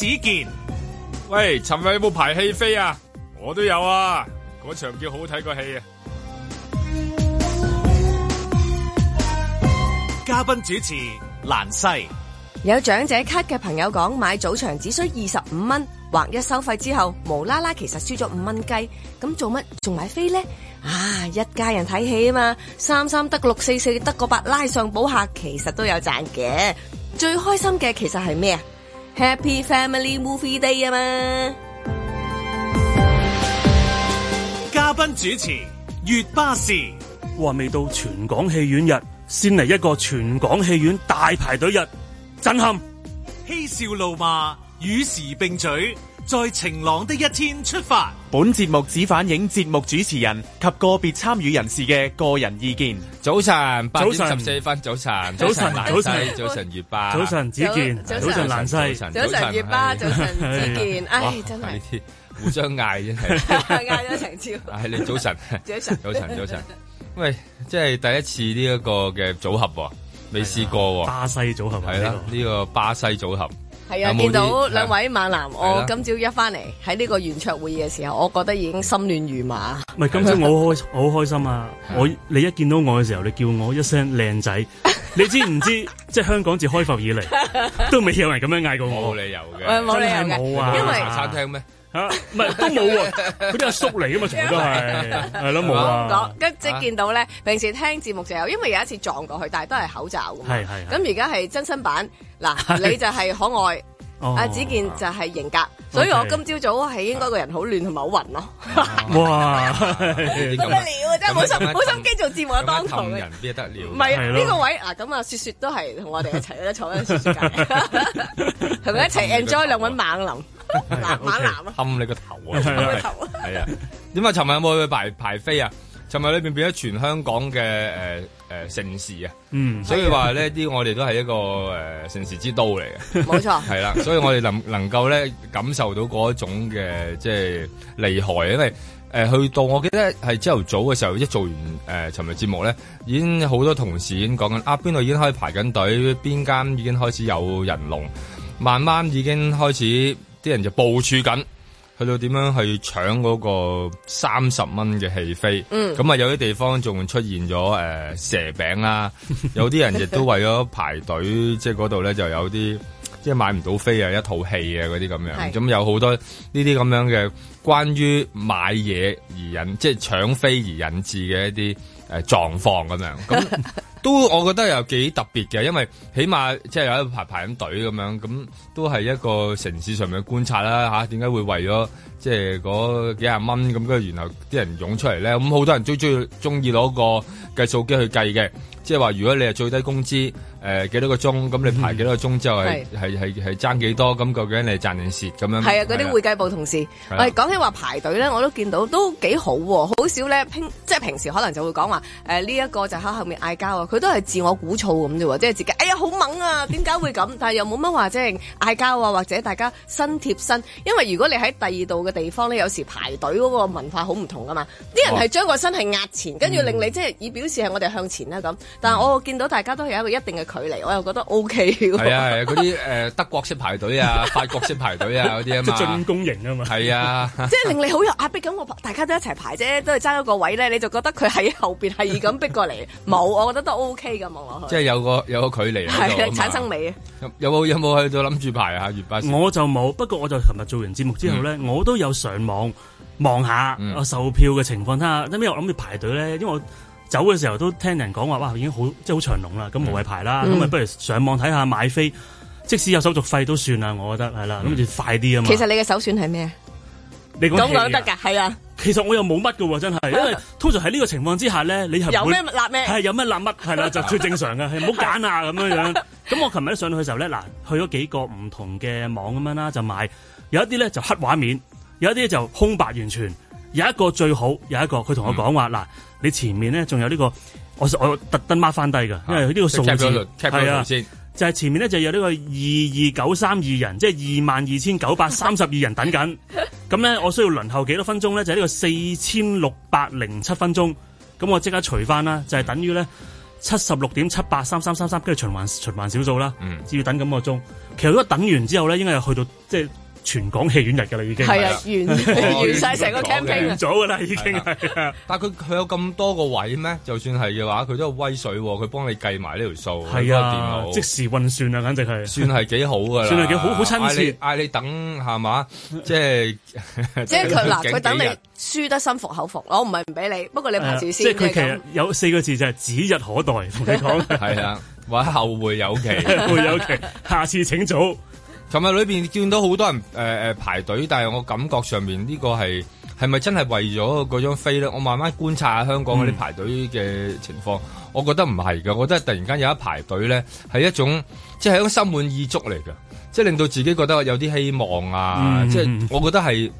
子健，喂，陳日有冇排戲飛啊？我都有啊，嗰場叫好睇個戲啊！ 嘉賓主持蘭西，有長者卡嘅朋友講，買早場只需二十五蚊或一收費之後，無啦啦其實輸咗五蚊雞，咁做乜仲買飛呢？啊，一家人睇戲啊嘛，三三得六，四四得個八，拉上補客其實都有賺嘅。最開心嘅其實係咩啊？Happy Family Movie Day 啊嘛！嘉賓主持月巴氏話未到全港戲院日，先嚟一個全港戲院大排隊日，震撼！嬉笑怒罵，與時並舉。在晴朗的一天出發。本節目只反映節目主持人及個別參與人士嘅個人意見。早晨，八點十四分，早晨，早晨，早晨，早晨，月巴，早晨，子健，早晨，蘭西，早晨，月巴，早晨，子健，唉，真係，互相嗌真係，嗌咗成朝。係你早晨，早晨，早晨，早晨。喂，即係第一次呢一個嘅組合，未試過。巴西組合係啦，呢個巴西組合。係啊，有有見到兩位猛男，啊、我今朝一翻嚟，喺呢個圓桌會議嘅時候，我覺得已經心亂如麻。唔係今朝我好開好開心啊！ 我你一見到我嘅時候，你叫我一聲靚仔，你知唔知？ 即係香港自開埠以嚟，都未有人咁樣嗌過我。冇理由嘅，冇理由嘅，因為餐廳咩？嚇，唔係都冇喎，嗰啲阿叔嚟噶嘛，全部都係，係咯冇啊。講即住見到咧，平時聽節目就有，因為有一次撞過去，但係都係口罩咁。係係。咁而家係真身版，嗱是、啊，你就係可愛。 阿子健就係型格，所以我今朝早係應該個人好亂同埋好暈咯。哇，不得了真係冇心冇心機做節目啊。當堂人嘅，唔係啊呢個位嗱，咁啊雪雪都係同我哋一齊坐喺雪雪隔，同佢一齊 enjoy 兩位猛男猛男啊！冚你個頭啊！冚你個頭啊！係啊，點解尋日有冇去排排飛啊？尋日裏邊變咗全香港嘅誒。誒、呃，城市啊，嗯、所以話呢啲 我哋都係一個誒、呃、城市之都嚟嘅，冇錯係啦。所以我哋能能夠咧感受到嗰種嘅即係厲害，因為誒、呃、去到我記得係朝頭早嘅時候，一做完誒尋、呃、日節目咧，已經好多同事已經講緊啊，邊度已經開始排緊隊，邊間已經開始有人龍，慢慢已經開始啲人就部署緊。去到點樣去搶嗰個三十蚊嘅戲飛？咁啊、嗯、有啲地方仲出現咗誒、呃、蛇餅啦、啊，有啲人亦都為咗排隊，即係嗰度咧就有啲即係買唔到飛啊，一套戲啊嗰啲咁樣。咁是有好多呢啲咁樣嘅關於買嘢而引，即係搶飛而引致嘅一啲，誒、呃，狀況咁樣，咁都我覺得又幾特別嘅，因為起碼即係有一排排緊隊咁樣，咁都係一個城市上面觀察啦嚇。點、啊、解會為咗即係嗰幾廿蚊咁，跟住然後啲人湧出嚟咧？咁好多人最中意中意攞個計數機去計嘅，即係話如果你係最低工資。誒幾、呃、多個鐘咁？嗯、你排幾多個鐘之後係係係係爭幾多？咁究竟你係賺定蝕咁樣？係啊，嗰啲會計部同事，啊、我講起話排隊咧，我都見到都幾好喎、啊，好少咧即係平時可能就會講話誒呢一個就喺後面嗌交啊，佢都係自我鼓噪咁啫喎，即、就、係、是、自己哎呀好猛啊，點解會咁？ 但係又冇乜話即係嗌交啊，或者大家身貼身，因為如果你喺第二度嘅地方咧，有時排隊嗰個文化好唔同噶嘛，啲人係將個身係壓前，跟住、哦嗯、令你即係以表示係我哋向前啦咁。但係我見到大家都係有一個一定嘅。距離我又覺得 O、OK、K。係啊係啊，嗰啲誒德國式排隊啊， 法國式排隊啊嗰啲啊嘛，即係進攻型啊嘛。係啊，即係令你好有壓迫。咁，我大家都一齊排啫，都係爭一個位咧，你就覺得佢喺後邊係咁逼過嚟冇， 我覺得都 O K 嘅望落去即係有個有個距離喺、啊、產生美啊！有冇有冇去到諗住排啊？月八，我就冇，不過我就琴日做完節目之後咧，嗯、我都有上網望下啊售票嘅情況，睇下，因為我諗住排隊咧，因為我。走嘅時候都聽人講話，哇已經好即係好長龍啦，咁無謂排啦，咁啊不如上網睇下買飛，即使有手續費都算啦，我覺得係啦，咁就快啲啊嘛。其實你嘅首選係咩？你講得㗎，係啊。其實我又冇乜嘅喎，真係，因為通常喺呢個情況之下咧，你有咩揦咩？係有咩揦乜？係啦，就最正常嘅，唔好揀啊咁樣樣。咁我琴日一上去嘅時候咧，嗱，去咗幾個唔同嘅網咁樣啦，就買有一啲咧就黑畫面，有一啲咧就空白完全，有一個最好，有一個佢同我講話嗱。你前面咧仲有呢、這個，我我特登 mark 翻低噶，因為佢呢個數字係啊，就係、啊就是、前面咧就是、有呢個二二九三二人，即係二萬二千九百三十二人等緊。咁咧 我需要輪候幾多分鐘咧？就係、是、呢個四千六百零七分鐘。咁我即刻除翻啦，就係、是、等於咧七十六點七八三三三三，跟住循環循環小數啦。嗯，只要等咁個鐘，其實如果等完之後咧，應該又去到即係。就是全港戲院日㗎啦，已經係啊，完完晒成個 campaign 咗㗎啦，已經係。但係佢佢有咁多個位咩？就算係嘅話，佢都係威水喎。佢幫你計埋呢條數，係啊，電腦即時運算啊，簡直係算係幾好啊，算係幾好，好親切，嗌你等係嘛？即係即係佢嗱，佢等你輸得心服口服。我唔係唔俾你，不過你排住先。即係佢其實有四個字就係指日可待。同你講係啊，或者後會有期，會有期，下次請早。琴日裏邊見到好多人，誒、呃、誒排隊，但係我感覺上面呢個係係咪真係為咗嗰張飛咧？我慢慢觀察下香港嗰啲排隊嘅情況，嗯、我覺得唔係噶，我覺得突然間有一排隊咧，係一種即係一種心滿意足嚟噶，即係令到自己覺得有啲希望啊，嗯、即係我覺得係。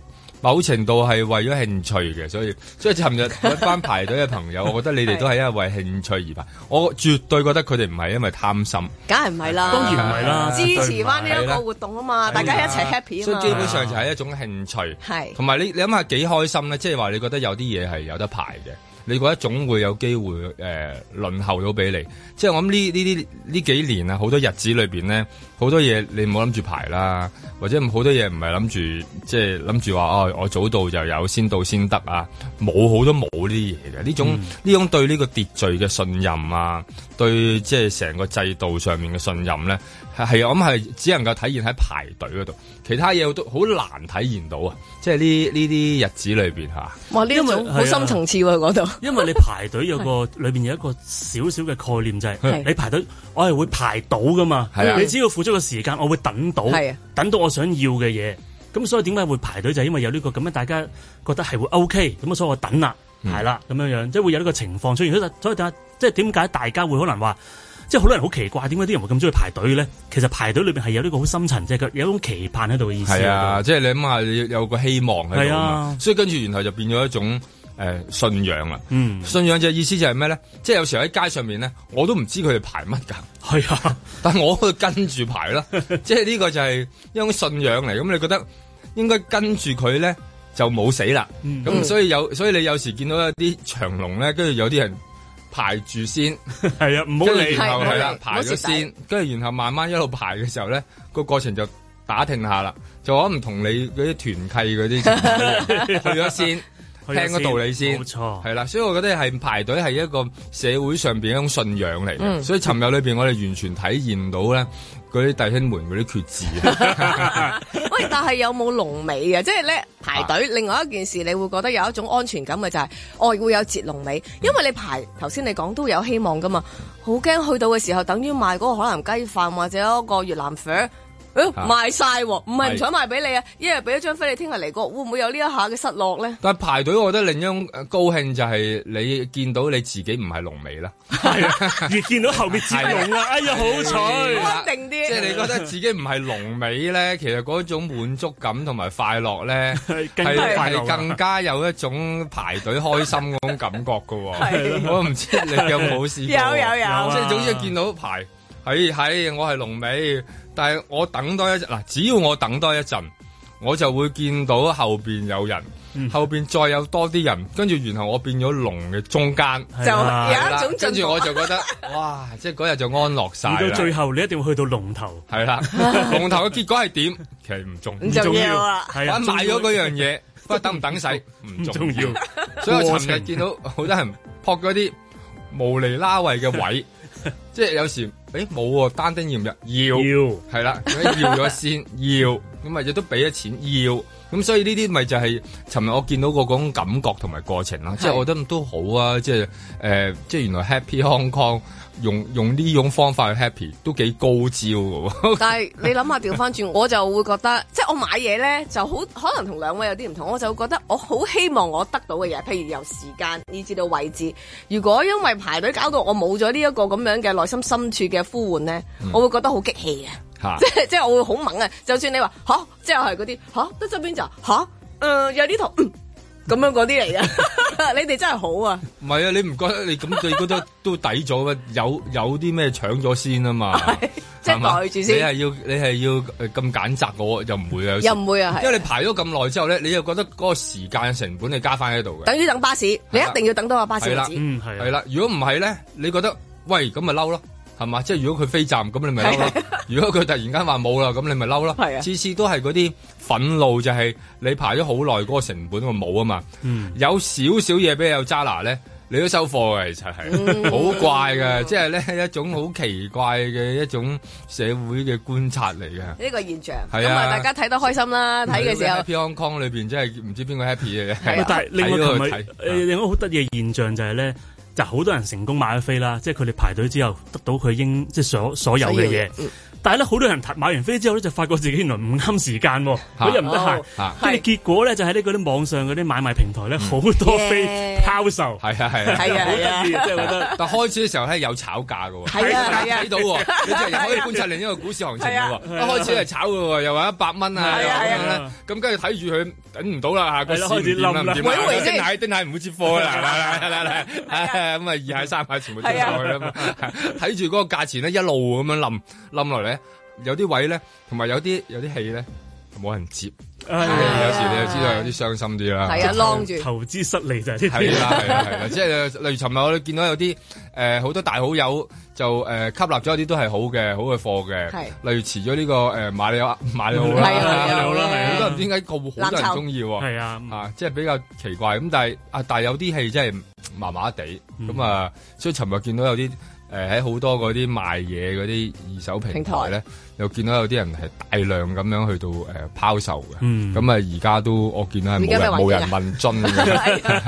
某程度係為咗興趣嘅，所以所以尋日一班排隊嘅朋友， 我覺得你哋都係因為興趣而排。我絕對覺得佢哋唔係因為貪心，梗係唔係啦，啊、當然唔係啦，支持翻呢一個活動啊嘛，啊，大家一齊 happy、啊、所以基本上就係一種興趣，係同埋你你諗下幾開心咧，即係話你覺得有啲嘢係有得排嘅。你覺得總會有機會誒、呃、輪候到俾你，即係我諗呢呢啲呢幾年啊，好多日子裏邊咧，好多嘢你唔好諗住排啦，或者好多嘢唔係諗住，即係諗住話哦，我早到就有，先到先得啊，冇好多冇呢啲嘢嘅，呢種呢、嗯、種對呢個秩序嘅信任啊，對即係成個制度上面嘅信任咧。係啊，咁係只能夠體現喺排隊嗰度，其他嘢都好難體現到啊！即係呢呢啲日子裏邊吓，哇，呢個好深層次喎嗰度。因為，裡因為你排隊有個、啊、裏邊有一個小小嘅概念就係、是，你排隊、啊、我係會排到噶嘛，啊、你只要付出個時間，我會等到，啊、等到我想要嘅嘢。咁所以點解會排隊就係、是、因為有呢、這個咁樣，大家覺得係會 OK，咁所以我等啦，係啦、嗯，咁樣樣即係會有呢個情況出現。所以，所以即係點解大家會可能話？即係好多人好奇怪，點解啲人會咁中意排隊咧？其實排隊裏邊係有呢個好深層，即係佢有一種期盼喺度嘅意思。係啊，吧即係你諗下，有有個希望喺度。係啊，所以跟住然後就變咗一種誒信仰啦。信仰就、嗯、意思就係咩咧？即係有時喺街上面咧，我都唔知佢哋排乜噶。係啊，但我會跟住排啦。 即係呢個就係一種信仰嚟。咁你覺得應該跟住佢咧就冇死啦。咁、嗯、所以有，所以你有時見到一啲長龍咧，跟住有啲人。排住先，係啊，唔好嚟，然後係啦， 排咗先，跟住 然後慢慢一路排嘅時候咧， 個過程就打聽下啦，就可能唔同你嗰啲團契嗰啲 去咗先。聽個道理先錯，冇錯，係啦，所以我覺得係排隊係一個社會上邊一種信仰嚟，嘅、嗯，所以尋日裏邊我哋完全體驗到咧，嗰啲弟兄們嗰啲決志。喂，但係有冇龍尾啊？即係咧排隊，啊、另外一件事你會覺得有一種安全感嘅就係、是，哦會有截龍尾，因為你排頭先你講都有希望噶嘛，好驚去到嘅時候等於賣嗰個海南雞飯或者嗰個越南粉。誒，賣晒，唔係唔想賣俾你啊！一日俾一張飛，你聽日嚟過，會唔會有呢一下嘅失落咧？但係排隊，我覺得另一種高興就係你見到你自己唔係龍尾啦，越見到後面接龍啊！哎呀，好彩，安定啲。即係你覺得自己唔係龍尾咧，其實嗰種滿足感同埋快樂咧，係係更加有一種排隊開心嗰種感覺噶。我唔知你有冇試過。有有有。即係總之見到排，喺喺我係龍尾。但係我等多一陣嗱，只要我等多一陣，我就會見到後邊有人，後邊再有多啲人，跟住然後我變咗龍嘅中間，就有一種跟住我就覺得哇，即係嗰日就安樂晒。到最後你一定要去到龍頭，係啦，龍頭嘅結果係點？其實唔重要，唔重要啊！買咗嗰樣嘢，不過等唔等使唔重要。所以我尋日見到好多人撲嗰啲無厘拉位嘅位，即係有時。誒冇喎、啊，單丁要唔要？要，係啦要，要咗先， 要，咁咪亦都俾咗錢，要。咁、嗯、所以呢啲咪就係尋日我見到個嗰種感覺同埋過程啦，是即係我覺得都好啊，即係誒、呃，即係原來 Happy Hong Kong 用用呢種方法去 Happy 都幾高招嘅喎。但係你諗下調翻轉， 我就會覺得，即係我買嘢咧就好可能同兩位有啲唔同，我就會覺得我好希望我得到嘅嘢，譬如由時間以至到位置，如果因為排隊搞到我冇咗呢一個咁樣嘅內心深處嘅呼喚咧，嗯、我會覺得好激氣嘅。即係即係我會好猛啊！就算你話吓，即係係嗰啲吓，得周邊就吓，誒有啲圖咁樣嗰啲嚟嘅。你哋真係好啊！唔係啊，你唔覺得你咁你覺得都抵咗咩？有有啲咩搶咗先啊嘛？即係耐住先。你係要你係要咁揀擇，我就唔會啊，又唔會啊，因為你排咗咁耐之後咧，你又覺得嗰個時間成本你加翻喺度嘅，等於等巴士，你一定要等到個巴士。係啦，嗯係。係啦，如果唔係咧，你覺得喂咁咪嬲咯？係嘛？即係如果佢飛站，咁你咪嬲咯。如果佢突然間話冇啦，咁你咪嬲咯。次次都係嗰啲憤怒，就係你排咗好耐嗰個成本，我冇啊嘛。有少少嘢俾你有渣拿咧，你都收貨嘅，其實係好怪嘅，即係咧一種好奇怪嘅一種社會嘅觀察嚟嘅。呢個現象，咁啊，大家睇得開心啦，睇嘅時候。Happy Hong Kong 裏邊真係唔知邊個 happy 嘅。係，但係另外琴日誒，另外好得意嘅現象就係咧。就好多人成功買咗飛啦，即係佢哋排隊之後得到佢應，即係所所有嘅嘢。但係咧，好多人買完飛之後咧，就發覺自己原來唔啱時間，嗰日唔得閒，咁啊結果咧就喺呢嗰啲網上嗰啲買賣平台咧，好多飛拋售，係啊係啊，好得意啊，即係覺得。但係開始嘅時候係有炒價嘅，睇到，可以觀察另一個股市行情嘅，一開始係炒嘅，又話一百蚊啊，咁跟住睇住佢頂唔到啦吓，佢開始冧啦，鬼回升，丁蟹唔會接貨嘅啦，咁啊二蟹三蟹全部出咗去啦，睇住嗰個價錢咧一路咁樣冧冧落嚟。有啲位咧，同埋有啲有啲戲咧，冇人接，有時你就知道有啲傷心啲啦。係啊，住，投資失利就係啲啦，係啦，即係例如尋日我哋見到有啲誒，好多大好友就誒吸納咗啲都係好嘅好嘅貨嘅，例如遲咗呢個誒馬里奧馬里奧啦，係啊，好多人啊，咁啊，點解個會好多人中意？係啊，即係比較奇怪咁，但係啊，但係有啲戲真係麻麻地咁啊，所以尋日見到有啲。誒喺好多嗰啲賣嘢嗰啲二手平台咧，又見到有啲人係大量咁樣去到誒拋售嘅，咁啊而家都我見到係冇人問津嘅。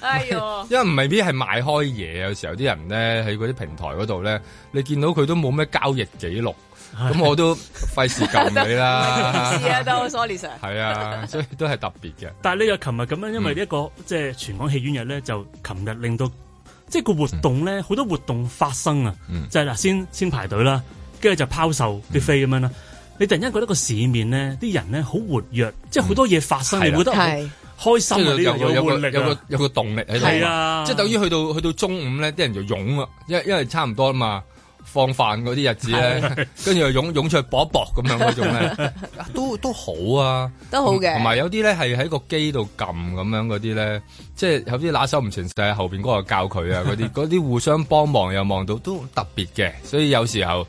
哎呦，因為唔未必係賣開嘢，有時候啲人咧喺嗰啲平台嗰度咧，你見到佢都冇咩交易記錄，咁我都費事撳你啦。啊都係啊，所以都係特別嘅。但係呢個琴日咁樣，因為一個即係全港戲院日咧，就琴日令到。即係個活動咧，好多活動發生啊，嗯、就係嗱，先先排隊啦，跟住就拋售啲飛咁樣啦。嗯、你突然間覺得個市面咧，啲人咧好活躍，嗯、即係好多嘢發生，你會覺得係開心啊。即係有有個有個,有個,有,個有個動力喺度。係啊的，即係等於去到去到中午咧，啲人就湧啊，因因為差唔多啦嘛。放飯嗰啲日子咧，跟住又湧湧出嚟搏一搏咁樣嗰種咧， 都都好啊，都好嘅。同埋有啲咧係喺個機度撳咁樣嗰啲咧，即係有啲揦、就是、手唔成事，後邊嗰個教佢啊嗰啲，嗰啲互相幫忙又望到都好特別嘅，所以有時候。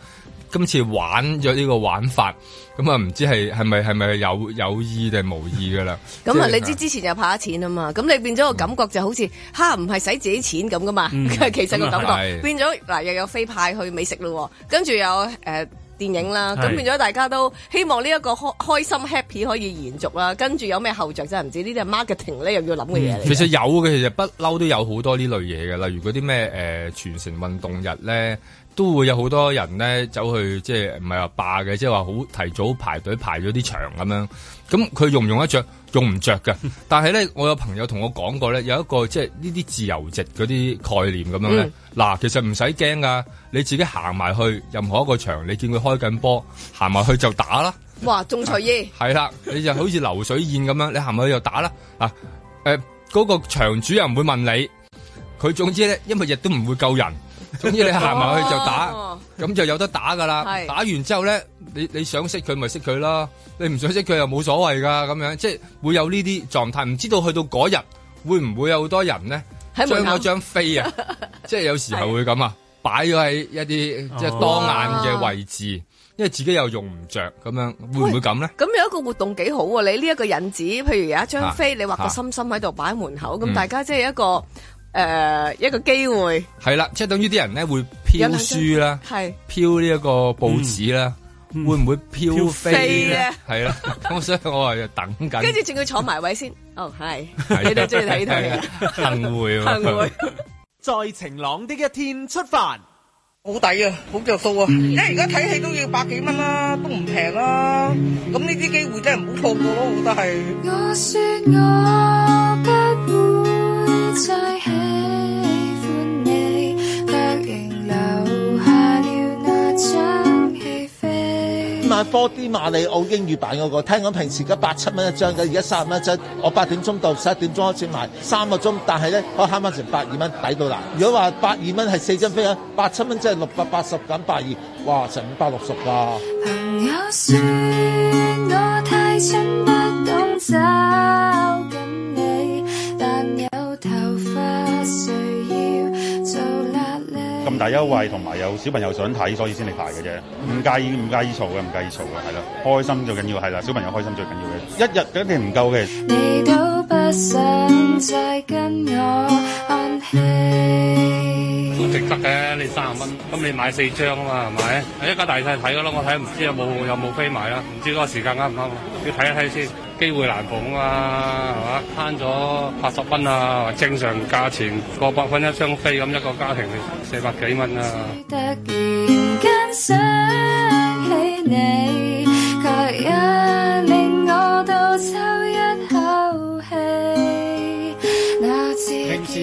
今次玩咗呢個玩法，咁啊唔知係係咪係咪有有意定無意噶啦？咁啊、 嗯，是你知之前又拍咗錢啊嘛，咁你變咗個感覺就好似哈唔係使自己錢咁噶嘛？嗯、其實個感覺變咗嗱，又有飛派去美食咯，跟住有誒、呃、電影啦，咁是變咗大家都希望呢一個開開心 happy 可以延續啦。跟住有咩後著真係唔知，呢啲係 marketing 咧又要諗嘅嘢嚟。其實有嘅，其實不嬲都有好多呢類嘢嘅，例如嗰啲咩誒全城運動日咧。 都會有好多人咧走去，即係唔係話霸嘅，即係話好提早排隊排咗啲場咁樣。咁佢用唔用得着？用唔着嘅。但係咧，我有朋友同我講過咧，有一個即係呢啲自由席嗰啲概念咁樣咧。嗱、嗯，其實唔使驚噶，你自己行埋去任何一個場，你見佢開緊波，行埋去就打啦。哇！仲隨意。係啦、啊，你就好似流水宴咁樣，你行埋去就打啦。啊誒，嗰、呃嗰個場主又唔會問你，佢總之咧，因為亦都唔會救人。總之你行埋去就打，咁就有得打噶啦。打完之後咧，你你想識佢咪識佢囉，你唔想識佢又冇所謂噶。咁樣即係會有呢啲狀態，唔知道去到嗰日會唔會有好多人咧，將嗰張飛啊，即係有時候會咁啊，擺咗喺一啲即係當眼嘅位置，因為自己又用唔着，咁樣會唔會咁咧？咁有一個活動幾好，你呢一個引子，譬如有一張飛，你畫個心心喺度擺喺門口，咁大家即係一個。誒，一個機會係啦，即係等於啲人咧，會飄書啦，係飄呢一個報紙啦，會唔會飄飛咧？係啦，咁所以我話要等緊，跟住仲要坐埋位先。哦，係，你哋鍾意睇睇，幸會，幸會，在晴朗的一天出發，好抵啊，好着數啊，因為而家睇戲都要百幾蚊啦，都唔平啦，咁呢啲機會真係唔好錯過咯，都係。多啲馬里奧英語版嗰、嗰個，聽講平時嘅百七蚊一張，而家三十蚊一張。我八點鐘到，十一點鐘開始賣三個鐘，但係咧，可慳翻成百二蚊，抵到啦。如果話百二蚊係四張飛啊，百七蚊即係六百八十減百二，哇，成五百六十喇朋友，太不懂。大優惠同埋有小朋友想睇，所以先嚟排嘅啫。唔介意唔介意嘈嘅，唔介意嘈嘅，係啦，開心最緊要，係啦，小朋友開心最緊要嘅。一日一定唔夠嘅。好值得嘅，你三十蚊，咁你買四張啊嘛，係咪？一家大細睇嘅咯，我睇唔知有冇有冇飛埋啦，唔知嗰個時間啱唔啱，要睇一睇先。機會難逢啊，係、啊、嘛？慳咗八十蚊啊，正常價錢過百蚊一張飛咁，一個家庭四百幾蚊啊。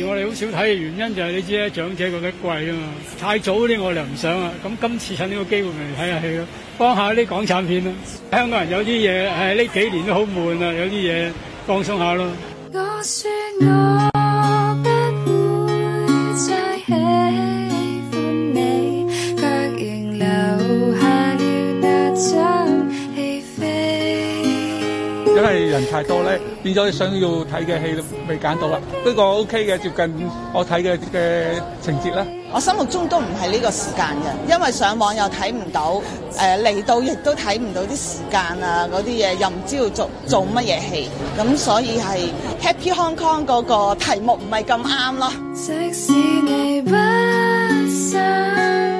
我哋好少睇嘅原因就係你知啦，長者覺得貴啊嘛，太早啲我哋唔想啊。咁今次趁呢個機會嚟睇、啊、下戲咯，幫下啲港產片咯、啊。香港人有啲嘢，誒呢幾年都好悶啊，有啲嘢放鬆下咯。 太多咧，變咗你想要睇嘅戲，都未揀到啦。不過 OK 嘅，接近我睇嘅嘅情節啦。我心目中都唔係呢個時間嘅，因為上網又睇唔到，誒、呃、嚟到亦都睇唔到啲時間啊嗰啲嘢，又唔知道要做做乜嘢戲，咁所以係 Happy Hong Kong 嗰個題目唔係咁啱咯。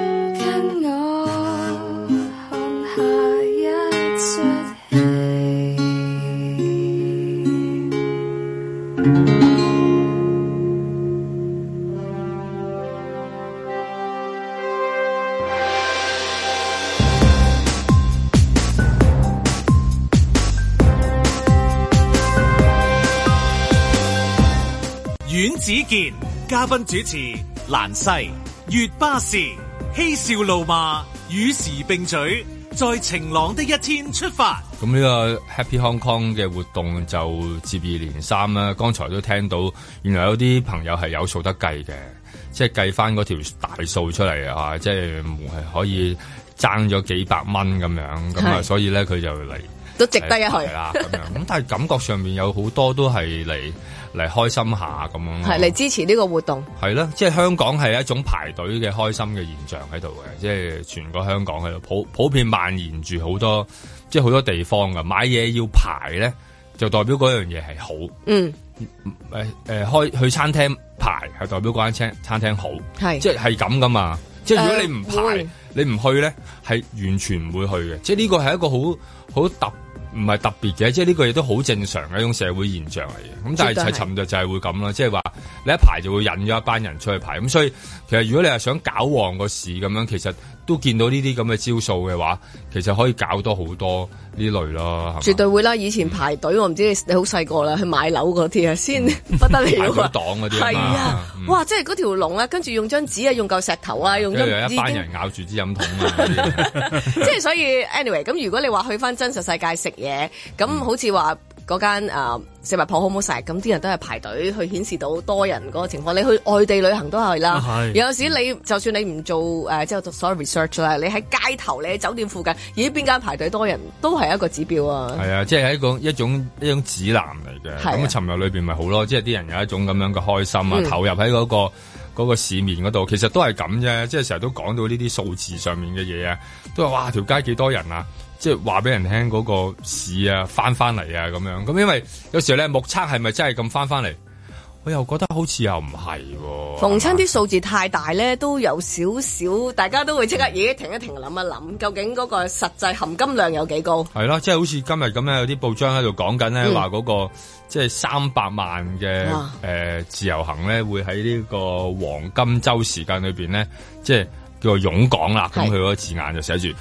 阮子健嘉賓主持，蘭西、月巴士嬉笑怒罵與時並舉，在晴朗的一天出發。咁呢個 Happy Hong Kong 嘅活動就接二連三啦。剛才都聽到，原來有啲朋友係有數得計嘅，即係計翻嗰條大數出嚟啊，即係係可以爭咗幾百蚊咁樣，咁啊是，所以咧佢就嚟。都值得一去啦是。咁 但係感覺上面有好多都係嚟嚟開心下咁樣，係嚟支持呢個活動。係啦，即係香港係一種排隊嘅開心嘅現象喺度嘅，即係全個香港喺度普普遍蔓延住好多，即係好多地方㗎買嘢要排咧，就代表嗰樣嘢係好。嗯，誒誒、呃，開去餐廳排係代表嗰間餐餐廳好，係、嗯、即係係咁㗎嘛。是即係如果你唔排，呃、你唔去咧，係完全唔會去嘅。即係呢個係一個好好特別。唔係特別嘅，即係呢個亦都好正常嘅一種社會現象嚟嘅。咁但係就尋日就係會咁啦，即係話你一排就會引咗一班人出去排，咁所以其實如果你係想搞旺個市咁樣，其實。都見到呢啲咁嘅招數嘅話，其實可以搞多好多呢類咯。絕對會啦！以前排隊，嗯、我唔知你好細個啦，去買樓嗰啲啊，先不得了啊、嗯！排隊黨嗰啲 啊，哇！即係嗰條龍咧、啊，跟住用張紙用用啊，用嚿石頭啊，用咗一班人咬住支飲筒啊！即係所以，anyway，咁如果你話去翻真實世界食嘢，咁好似話。嗯嗯嗰間、呃、食物鋪好唔好食？咁啲人都係排隊去顯示到多人嗰個情況。你去外地旅行都係啦，啊、有時你就算你唔做誒，即係做所有 research 啦，你喺街頭，你喺酒店附近，咦？邊間排隊多人，都係一個指標啊！係啊，即係一個一種一種指南嚟嘅。咁尋日裏邊咪好囉，即係啲人有一種咁樣嘅開心啊，投入喺嗰、嗰個嗯、個市面嗰度，其實都係咁啫。即係成日都講到呢啲數字上面嘅嘢啊，都話哇條街幾多人啊！即係話俾人聽嗰個市啊，翻翻嚟啊咁樣咁，因為有時候咧，目測係咪真係咁翻翻嚟，我又覺得好似又唔係喎。逢親啲數字太大咧，吧都有少少，大家都會即刻嘢停一停，諗一諗，究竟嗰個實際含金量有幾高？係囉，即係好似今日咁樣，有啲報章喺度講緊咧，話嗰個即係三百萬嘅誒哇、呃、自由行咧，會喺呢個黃金週時間裏邊咧，即係叫做「勇港啦，咁佢嗰個字眼就寫住。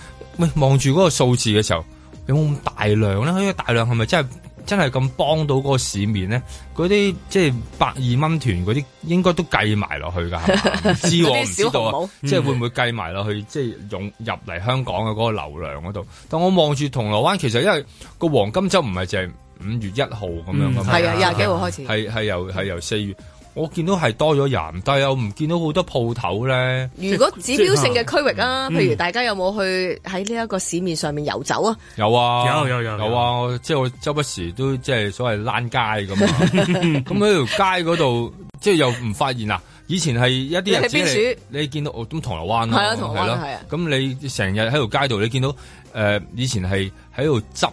望住嗰個數字嘅時候，有冇咁大量咧？因為大量係咪真係真係咁幫到嗰個市面咧？嗰啲即係百二蚊團嗰啲，應該都計埋落去噶唔 知我唔 知道啊，即係會唔會計埋落去，即係湧入嚟香港嘅嗰個流量嗰度？嗯、但我望住銅鑼灣，其實因為個黃金周唔係就係五月一號咁樣噶嘛，係啊、嗯，廿幾號開始，係係由係由四月。我見到係多咗人，但係我唔見到好多鋪頭咧。如果指標性嘅區域啊，嗯、譬如大家有冇去喺呢一個市面上面遊走啊？有啊，有有有有，有啊！有有有有啊，即係我周不時都即係所謂躝街咁啊！咁喺條街嗰度，即係又唔發現啊！以前係一啲人知嚟，你見到我咁銅鑼灣，係啊，銅鑼灣係啊。咁、啊啊、你成日喺條街度，你見到誒、呃、以前係喺度執。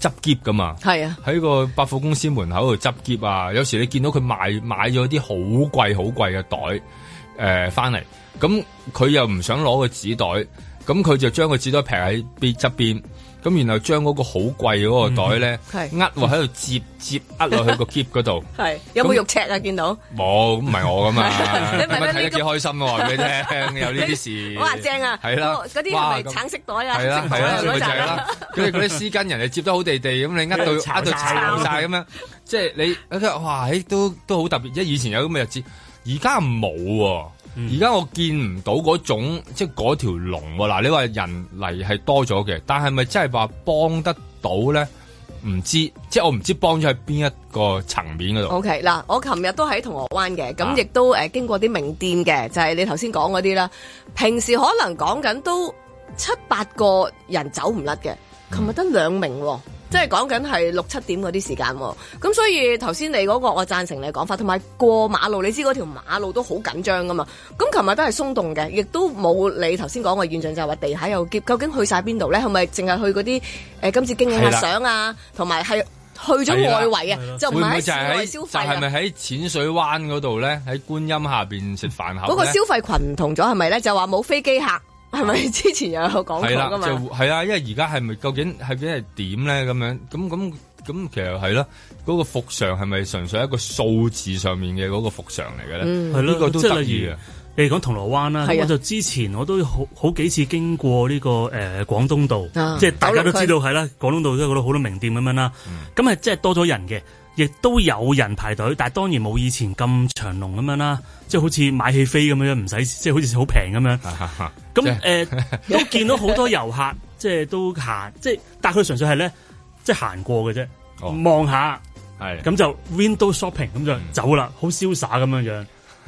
執劫㗎嘛，係啊，喺個百貨公司門口度執劫啊！有時你見到佢賣買咗啲好貴好貴嘅袋，誒翻嚟，咁佢又唔想攞個紙袋，咁佢就將個紙袋擗喺邊側邊。咁然後將嗰個好貴嗰個袋咧，厄落喺度摺摺，厄落去個篋嗰度。係有冇肉赤啊？見到冇，唔係我咁啊！你係咪睇得幾開心喎？你聽有呢啲事哇正啊！係啦，嗰啲係橙色袋啊，係啦係啦，咁就係啦。嗰啲嗰啲絲巾人哋摺得好地地，咁你厄到厄到拆曬咁樣，即係你覺得哇！誒都都好特別，即係以前有咁嘅日子，而家冇喎。而家我見唔到嗰種，即係嗰條龍喎，嗱你話人嚟係多咗嘅，但係咪真係話幫得到咧？唔知即係我唔知幫咗喺邊一個層面嗰度。OK，嗱，我琴日都喺銅鑼灣嘅，咁亦都誒、呃、經過啲名店嘅，就係、是、你頭先講嗰啲啦。平時可能講緊都七八個人走唔甩嘅，琴日得兩名、哦。即係講緊係六七點嗰啲時間喎、啊，咁所以頭先你嗰個我贊成你嘅講法，同埋過馬路你知嗰條馬路都好緊張噶嘛，咁琴日都係鬆動嘅，亦都冇你頭先講嘅現象，就係、是、話地下又結，究竟去晒邊度咧？係咪淨係去嗰啲誒今次驚嚇相啊，同埋係去咗外圍啊，就唔係喺消費、啊會會就。就咪、是、喺淺水灣嗰度咧？喺觀音下邊食飯盒咧？嗰個消費群唔同咗係咪咧？就話冇飛機客。係咪之前又有講過噶嘛？係啦，就係啊，因為而家係咪究竟係邊係點咧？咁樣咁咁咁，其實係啦。嗰、那個復常係咪純粹係一個數字上面嘅嗰個復常嚟嘅咧？係咯、嗯，呢個都得意啊！例如，你講銅鑼灣啦，的我就之前我都好好幾次經過呢、這個誒廣、呃、東道，嗯、即係大家都知道係啦，廣、嗯、東道都嗰度好多名店咁樣啦，咁係、嗯嗯、即係多咗人嘅。亦都有人排隊，但係當然冇以前咁長龍咁樣啦，即係好似買戲飛咁樣，唔使即係好似好平咁樣。咁誒都見到好多遊客，即係都行，即係但佢純粹係咧，即係行過嘅啫，望下係咁的就 window shopping 咁就走啦，好瀟灑咁樣樣，嗯、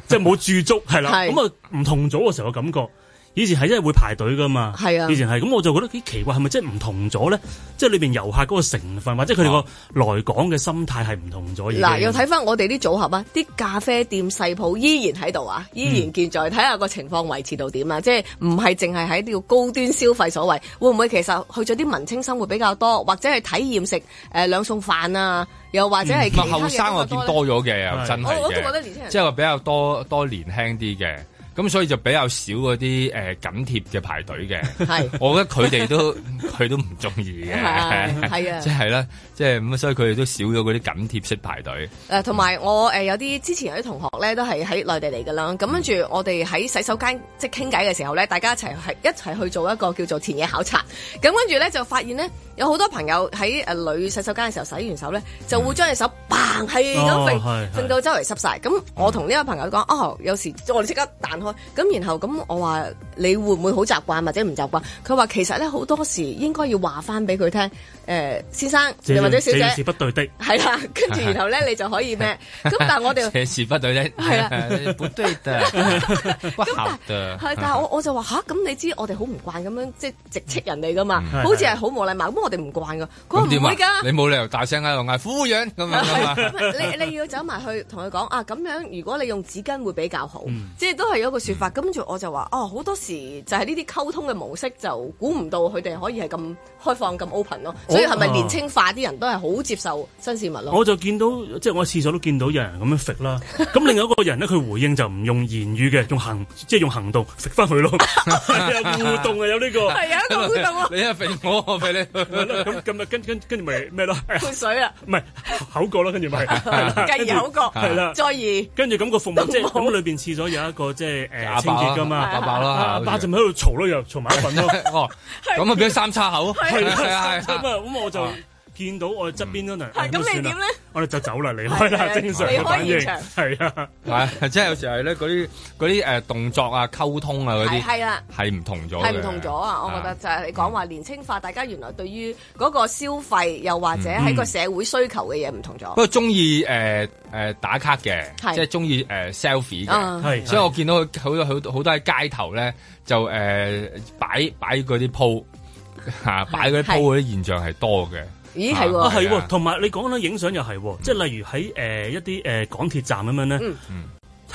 即係冇駐足係啦。咁啊唔同咗嘅時候嘅感覺。以前係真係會排隊噶嘛？係啊！以前係咁，我就覺得幾奇怪，係咪即係唔同咗咧？即係裏邊遊客嗰個成分，或者佢哋個來港嘅心態係唔同咗？嗱，又睇翻我哋啲組合啊，啲咖啡店細鋪依然喺度啊，依然健在。睇下個情況維持到點啊！即係唔係淨係喺呢個高端消費所謂？會唔會其實去咗啲文青生活比較多，或者係體驗食誒兩餸飯啊？又或者係唔係後生我見多咗嘅？真係我都覺得年輕人即係話比較多多年輕啲嘅。咁所以就比較少嗰啲誒緊貼嘅排隊嘅，係， 我覺得佢哋都佢 都唔中意嘅，係 啊，係啊，即係咧，即係咁所以佢哋都少咗嗰啲緊貼式排隊。誒，同埋我誒有啲之前有啲同學咧都係喺內地嚟噶啦，咁跟住我哋喺洗手間即係傾偈嘅時候咧，大家一齊係一齊去做一個叫做田野考察，咁跟住咧就發現咧。有好多朋友喺誒、呃、女洗手間嘅時候洗完手咧，嗯、就會將隻手砰係咁揈揈到周圍濕晒。咁、嗯、我同呢個朋友講哦，有時我哋即刻彈開咁，嗯、然後咁我話你會唔會好習慣或者唔習慣？佢話其實咧好多時應該要話翻俾佢聽。誒先生，又或者小姐，是不對的，係啦。跟住然後咧，你就可以咩？咁但係我哋這是不對的，係啦，不對的。咁但係但係我我就話吓，咁你知我哋好唔慣咁樣，即係直斥人哋噶嘛，好似係好無禮貌。咁我哋唔慣噶。佢話唔會㗎，你冇理由大聲喺度嗌敷衍咁樣。你你要走埋去同佢講啊，咁樣如果你用紙巾會比較好，即係都係有一個説法。跟住我就話哦，好多時就係呢啲溝通嘅模式就估唔到佢哋可以係咁開放、咁 open 咯。所以係咪年青化啲人都係好接受新事物咯？我就見到即係我廁所都見到有人咁樣食啦。咁另外一個人咧，佢回應就唔用言語嘅，用行即係用行動食翻佢咯。係啊，互動啊，有呢個係啊，互動啊。你係食我，我食你。咁咁咪跟跟跟住咪咩咯？潑水啦，唔係口角咯，跟住咪係啦，繼而口角係啦，再而跟住咁個服務即係咁裏邊廁所有一個即係誒清潔噶嘛，啞巴啦，啞巴就唔喺度嘈咯，又嘈埋一份咯。哦，咁啊，俾啲三叉口，係係係。咁我就見到我側邊嗰度，係咁你點咧？我哋就走啦，離開啦，正常嘅反應。離開現場。係啊，係，係，即係有時係咧嗰啲啲誒動作啊、溝通啊嗰啲，係啊，係唔同咗，係唔同咗啊！我覺得就係你講話年青化，大家原來對於嗰個消費又或者喺個社會需求嘅嘢唔同咗。不過中意誒誒打卡嘅，即係中意誒 selfie 嘅，所以我見到好多好好多喺街頭咧就誒擺擺嗰啲 p 吓，擺佢鋪嗰啲現象係多嘅，咦係？係，同埋你講啦、啊，影相又係，即係例如喺誒、呃、一啲誒、呃、港鐵站咁樣咧，係、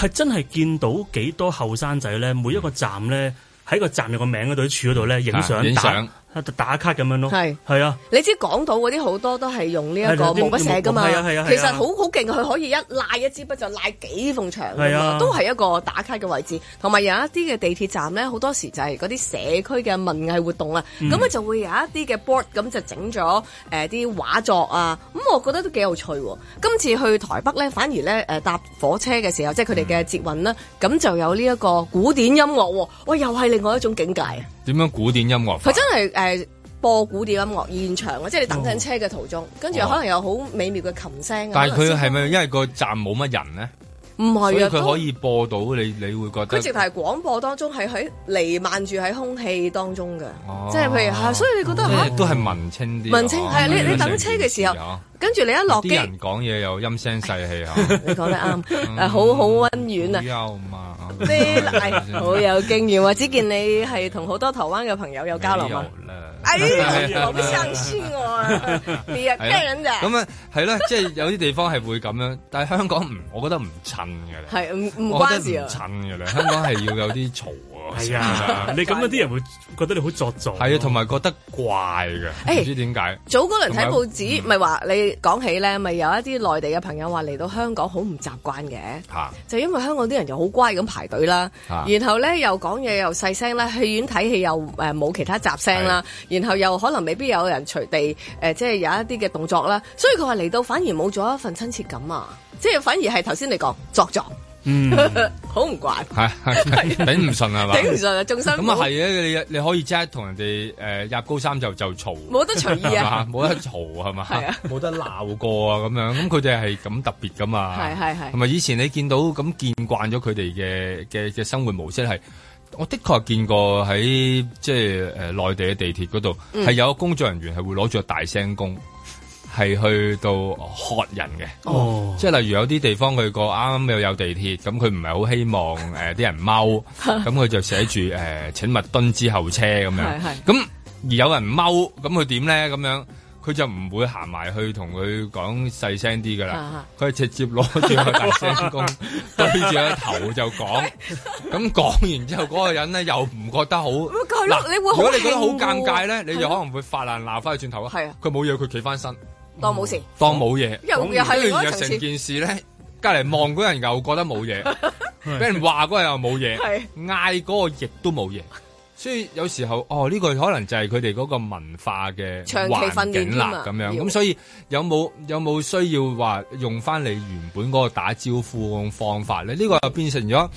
嗯、真係見到幾多後生仔咧，每一個站咧喺、嗯、個站有個名嗰度、柱嗰度咧影相。啊打打卡咁樣咯，係係是啊！你知港島嗰啲好多都係用呢一個毛筆寫噶嘛，啊，啊。啊啊其實好好勁，佢可以一拉一支筆就拉幾埲牆噶嘛，啊、都係一個打卡嘅位置。同埋有一啲嘅地鐵站咧，好多時就係嗰啲社區嘅文藝活動啊，咁啊、嗯、就會有一啲嘅 board 咁就整咗誒啲畫作啊，咁我覺得都幾有趣。今次去台北咧，反而咧誒搭火車嘅時候，即係佢哋嘅捷運啦，咁、嗯、就有呢一個古典音樂，喂，又係另外一種境界啊！點樣古典音樂？佢真係～誒，播古典音樂現場啊，即係你等緊車嘅途中，跟住、哦、可能有好美妙嘅琴聲。但係佢係咪因為個站冇乜人咧？唔係，啊，佢可以播到你，你會覺得佢直頭係廣播當中係喺彌漫住喺空氣當中嘅，哦、即係譬如吓，所以你覺得吓、哦、都係文青啲文青清係、啊、你你等車嘅時候。跟住你一落機，啲人講嘢又陰聲細氣啊！你講得啱，誒好好溫軟啊！有嘛？好有經驗啊！只見你係同好多台灣嘅朋友有交流啊！哎呀，我不相信我啊！你啊，咩人咋？咁啊，係咯，即係有啲地方係會咁樣，但係香港唔，我覺得唔襯嘅。係唔唔關事啊！襯嘅啦，香港係要有啲嘈啊！係啊， 你咁樣啲人會覺得你好作作，係啊，同埋覺得怪嘅，欸、唔知點解。早嗰輪睇報紙，咪話有你講起咧，咪、嗯、有一啲內地嘅朋友話嚟到香港好唔習慣嘅，啊、就因為香港啲人又好乖咁排隊啦，啊、然後咧又講嘢又細聲啦，戲院睇戲又誒冇其他雜聲啦，是的 然後又可能未必有人隨地誒即係有一啲嘅動作啦，所以佢話嚟到反而冇咗一份親切感啊，即、就、係、是、反而係頭先你講作作。嗯，好唔慣，係頂唔順係嘛，頂唔順啊，仲辛苦咁啊係啊，你你可以即係同人哋誒入高三就就嘈，冇得嘈啊，冇得嘈係嘛，冇得鬧過啊咁樣，咁佢哋係咁特別噶嘛，係係係，同埋以前你見到咁見慣咗佢哋嘅嘅嘅生活模式係，我的確見過喺即係誒內地嘅地鐵嗰度係有個工作人員係會攞住大聲公。係去到嚇人嘅，即係例如有啲地方佢個啱啱又有地鐵，咁佢唔係好希望誒啲人踎，咁佢就寫住誒請勿蹲之後車咁樣。係係。咁而有人踎，咁佢點咧？咁樣佢就唔會行埋去同佢講細聲啲噶啦，佢直接攞住個大聲公對住個頭就講。咁講完之後，嗰個人咧又唔覺得好嗱，如果你覺得好尷尬咧，你就可能會發爛鬧翻轉頭啊。係啊，佢冇嘢，佢企翻身。當冇事，嗯、當冇嘢。又係呢樣成件事咧，隔離望嗰人又覺得冇嘢，俾 人話嗰人又冇嘢，嗌嗰個亦都冇嘢。所以有時候哦，呢、呢個可能就係佢哋嗰個文化嘅環境啦。咁樣，咁所以有冇有冇需要話用翻你原本嗰個打招呼嘅方法咧？呢、呢個又變成咗。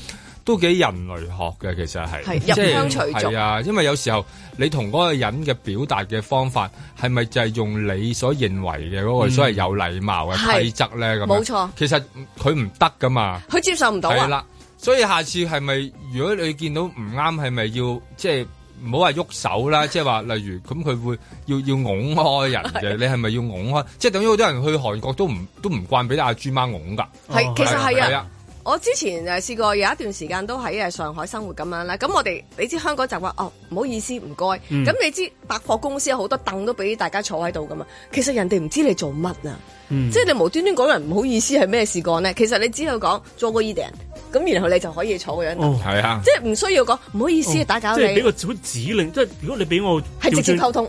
都幾人類學嘅，其實係即係係啊，因為有時候你同嗰個人嘅表達嘅方法係咪就係用你所認為嘅嗰個所謂有禮貌嘅規則咧？咁冇錯，其實佢唔得噶嘛，佢接受唔到啊。係啦，所以下次係咪如果你見到唔啱，係咪要即係唔好話喐手啦？即係話例如咁，佢會要要拱開人嘅，你係咪要拱開？即係等於好多人去韓國都唔都唔慣俾阿豬媽拱噶。係其實係啊。我之前誒試過有一段時間都喺上海生活咁樣啦，咁我哋你知香港就慣就話哦，唔好意思，唔該。咁、嗯、你知百貨公司好多凳都俾大家坐喺度噶嘛，其實人哋唔知你做乜啊，嗯、即係你無端端講人唔好意思係咩事講咧，其實你只有講坐個椅凳，咁然後你就可以坐嘅樣。哦，係啊，即係唔需要講唔好意思、哦、打攪你，即俾個指令。即係如果你俾我係直接溝通。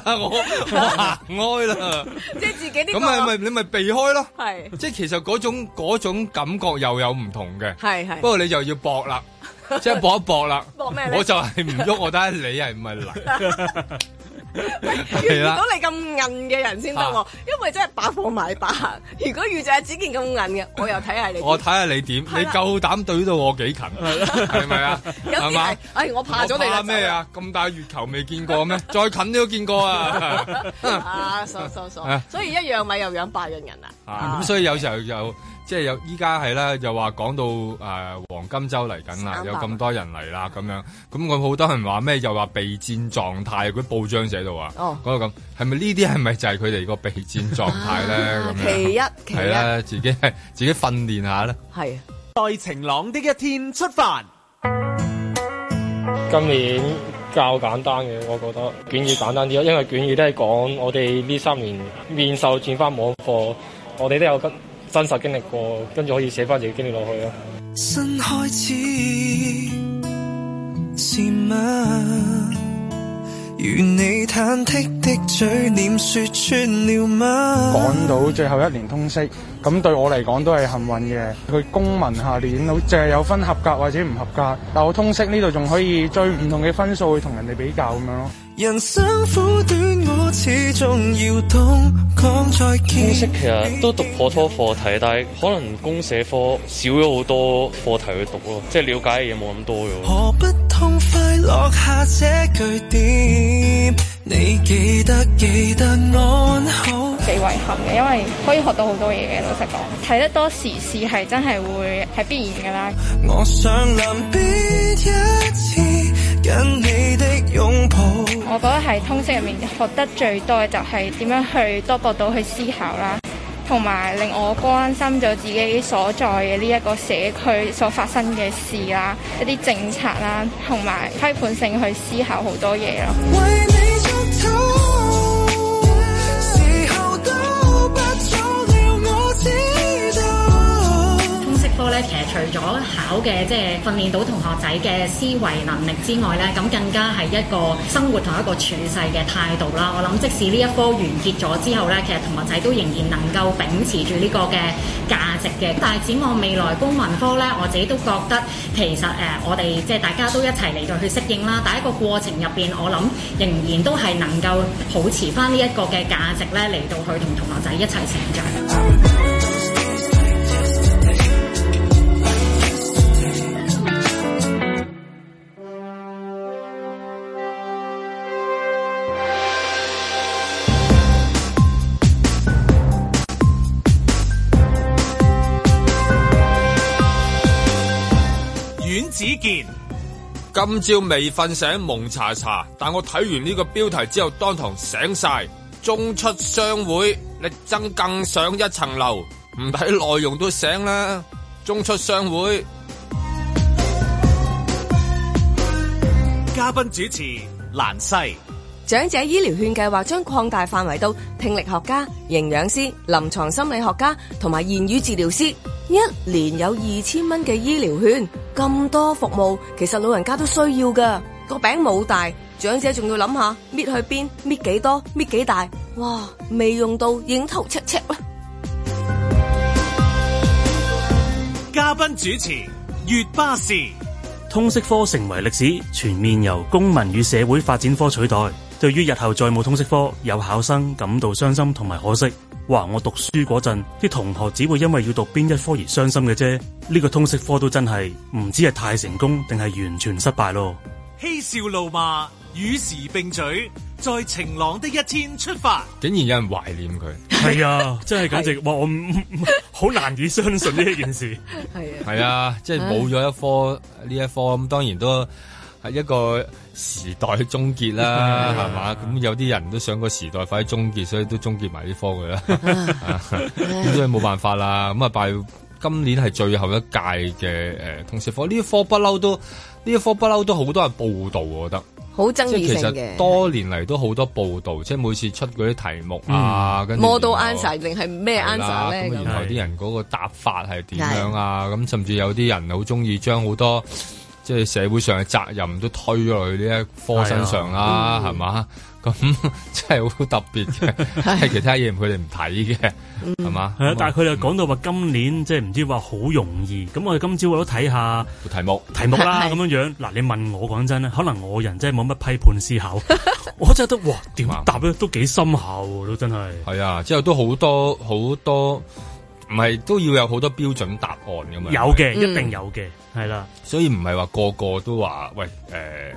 我我行開啦，即係自己啲咁咪咪你咪避開咯。係是，即係其實嗰種嗰種感覺又有唔同嘅。係係是，不過你又要搏啦， 即係搏一搏啦。搏咩？我就係唔喐，我得你人唔係嚟。 遇到你咁硬嘅人先得，因為真係百貨賣百。如果遇著阿子健咁硬嘅，我又睇下你。我睇下你點，啊、你夠膽對到我幾近，係咪啊？係嘛、啊？哎，我怕咗你咩啊？咁大月球未見過咩？再近都見過啊！ 啊，傻傻所以一樣米又養百樣人啊！咁、啊啊啊、所以有時候又。啊嗯即係有依家係啦，又話講到誒黃金周嚟緊啦，有咁多人嚟啦咁樣，咁咁好多人話咩？又話備戰狀態，佢報章寫到話，講到咁，係咪呢啲係咪就係佢哋個備戰狀態咧？咁樣，其一，係啦，自己係自己訓練下咧。係是。在晴朗的一天出發。今年較簡單嘅，我覺得卷二簡單啲，因為卷二都係講我哋呢三年面授轉翻網課，我哋都有跟。真實經歷過，跟住可以寫翻自己經歷落去咯。講到最後一年通識，咁對我嚟講都係幸運嘅。佢公民下年好淨係有分合格或者唔合格，但我通識呢度仲可以追唔同嘅分數去同人哋比較咁樣咯。人生苦短，我始終要懂。講再見通識，其實都讀破拖課題，但係可能公社科少咗好多課題去讀咯，即係了解嘅嘢冇咁多。何不痛快落下這句點？你記得記得，記得安好。幾遺憾嘅，因為可以學到好多嘢嘅，老實講，睇得多時事係真係會係必然嘅啦。我我覺得喺通識入面學得最多嘅就係點樣去多角度去思考啦，同埋令我關心咗自己所在嘅呢一個社區所發生嘅事啦，一啲政策啦，同埋批判性去思考好多嘢咯。咧，其實除咗考嘅即係訓練到同學仔嘅思維能力之外咧，咁更加係一個生活同一個處世嘅態度啦。我諗即使呢一科完結咗之後咧，其實同學仔都仍然能夠秉持住呢個嘅價值嘅。但係展望未來公民科咧，我自己都覺得其實誒、呃，我哋即係大家都一齊嚟到去適應啦。但係一個過程入邊，我諗仍然都係能夠保持返呢一個嘅價值咧，嚟到去同同學仔一齊成長。只見今朝未瞓醒蒙查查，但我睇完呢個標題之後當堂醒晒。中出商會力爭更上一層樓，唔睇內容都醒啦。中出商會嘉賓主持蘭西。長者醫療券計劃將擴大範圍到聽力學家、營養師、臨床心理學家同埋言語治療師，一年有二千蚊嘅醫療券，咁多服務，其實老人家都需要㗎。個餅冇大，長者仲要諗下搣去邊，搣幾多，搣幾大，哇，未用到影頭赤赤啦！嘉賓主持：月巴士。通識科成為歷史，全面由公民與社會發展科取代。對於日後再冇通識科，有考生感到傷心同埋可惜。哇！我讀書嗰陣，啲同學只會因為要讀邊一科而傷心嘅啫。呢、這個通識科都真係唔知係太成功定係完全失敗咯。嬉笑怒罵與時並舉，在晴朗的一天出發。竟然有人懷念佢，係啊， 真係簡直 哇！我好 難以相信呢一件事。係 啊，即係冇咗一科呢一科，咁、啊、當然都。係一個時代終結啦，係嘛？ 咁有啲人都想個時代快啲終結，所以都終結埋呢科嘅啦。咁都係冇辦法啦。咁啊，拜今年係最後一屆嘅誒通識科，呢啲科不嬲都呢啲科不嬲都好多人報道，我覺得好爭議性嘅。其實多年嚟都好多報道，即係每次出嗰啲題目啊，跟魔都 answer 定係咩 answer 咧？咁然後啲人嗰個答法係點樣啊？咁對甚至有啲人好中意將好多。即係社會上嘅責任都推咗落去呢一科身上啦，係嘛？咁真係好特別嘅，係其他嘢佢哋唔睇嘅，係嘛？係啊，但係佢哋講到話今年即係唔知話好容易，咁我哋今朝我都睇下題目，題目啦咁樣樣。嗱，你問我講真咧，可能我人真係冇乜批判思考，我真係得哇，點答都幾深厚都真係。係啊，之後都好多好多。唔係都要有好多標準答案咁樣？有嘅的，是一定有嘅，係啦、嗯。的所以唔係話個個都話喂，誒、呃，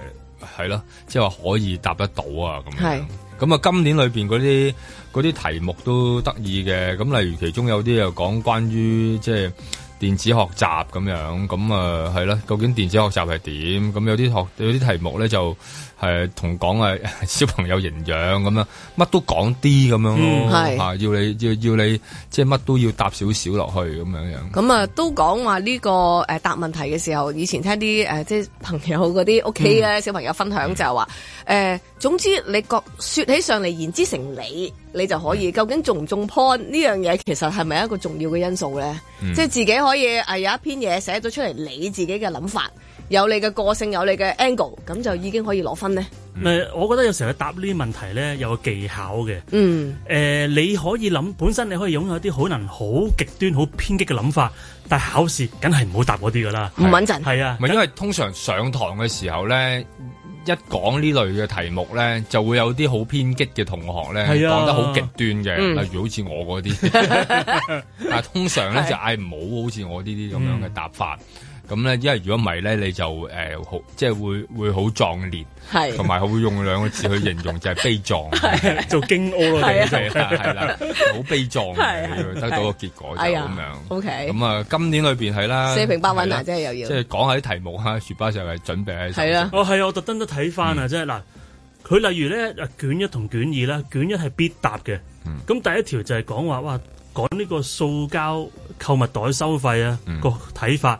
係咯，即係話可以答得到啊咁樣。係咁啊，今年裏邊嗰啲嗰啲題目都得意嘅。咁例如其中有啲又講關於即係電子學習咁樣，咁啊係啦，究竟電子學習係點？咁有啲學有啲題目咧就。係同講啊，小朋友營養咁樣，乜都講啲咁樣，吓、嗯、要你要要你即係乜都要答少少落去咁樣樣。咁啊、嗯，嗯、都講話呢個誒、呃、答問題嘅時候，以前聽啲誒、呃、即係朋友嗰啲屋企咧小朋友分享、嗯、就話，誒、呃、總之你覺說起上嚟言之成理，你就可以。嗯、究竟中唔中 point 呢樣嘢，其實係咪一個重要嘅因素咧？嗯、即係自己可以誒、啊、有一篇嘢寫咗出嚟，你自己嘅諗法。有你嘅個性，有你嘅 angle，咁就已經可以攞分咧。唔係，我覺得有時候答呢啲問題咧，有個技巧嘅。嗯。誒，你可以諗本身你可以擁有啲可能好極端、好偏激嘅諗法，但係考試梗係唔好答嗰啲㗎啦。唔穩陣。係啊。唔係因為通常上堂嘅時候咧，一講呢類嘅題目咧，就會有啲好偏激嘅同學咧，講得好極端嘅，例如好似我嗰啲。但係通常咧就嗌唔好，好似我呢啲咁樣嘅答法。咁咧，因為如果唔係咧，你就誒好，即係會會好壯烈，係，同埋會用兩個字去形容就係悲壯，做荊軻咯，係啦，好悲壯，係得到個結果就咁樣。O K。咁啊，今年裏邊係啦，四平八穩啊，真係又要即係講下啲題目啊，雪巴就係準備喺。係啊，哦，係啊，我特登都睇翻啊，即係嗱，佢例如咧，卷一同卷二啦，卷一係必答嘅，咁第一條就係講話哇，講呢個塑膠購物袋收費啊個睇法。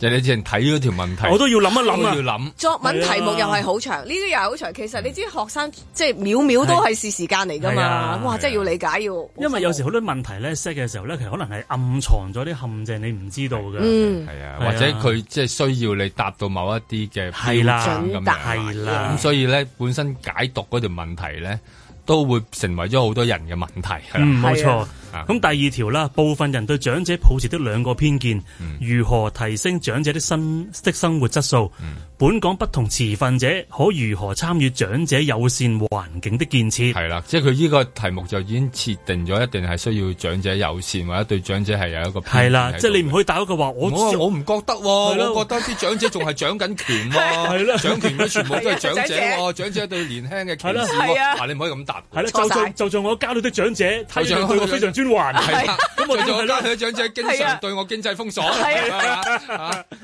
就你淨睇嗰條問題，我都要諗一諗啊！要諗。作文題目又係好長，呢啲又係好長。其實你知學生即係秒秒都係試時間嚟噶嘛？哇，真係要理解要。因為有時好多問題咧 set 嘅時候咧，其實可能係暗藏咗啲陷阱，你唔知道嘅。係啊，或者佢即係需要你達到某一啲嘅標準咁樣。係啦，咁所以咧，本身解讀嗰條問題咧，都會成為咗好多人嘅問題。唔冇錯。咁第二條啦，部分人對長者抱持的兩個偏見，如何提升長者的生的生活質素？本港不同持份者可如何參與長者友善環境的建設？係啦，即係佢呢個題目就已經設定咗，一定係需要長者友善，或者對長者係有一個偏見，係啦，即係你唔可以打一句話我我唔覺得，我覺得啲長者仲係掌緊權，係啦，掌權全部都係長者，長者對年輕嘅歧視，係啦，係啊，你唔可以咁答，係啦，就就就我家裏的長者睇上去非常專。還係咁，再再加上經常對我經濟封鎖，吓，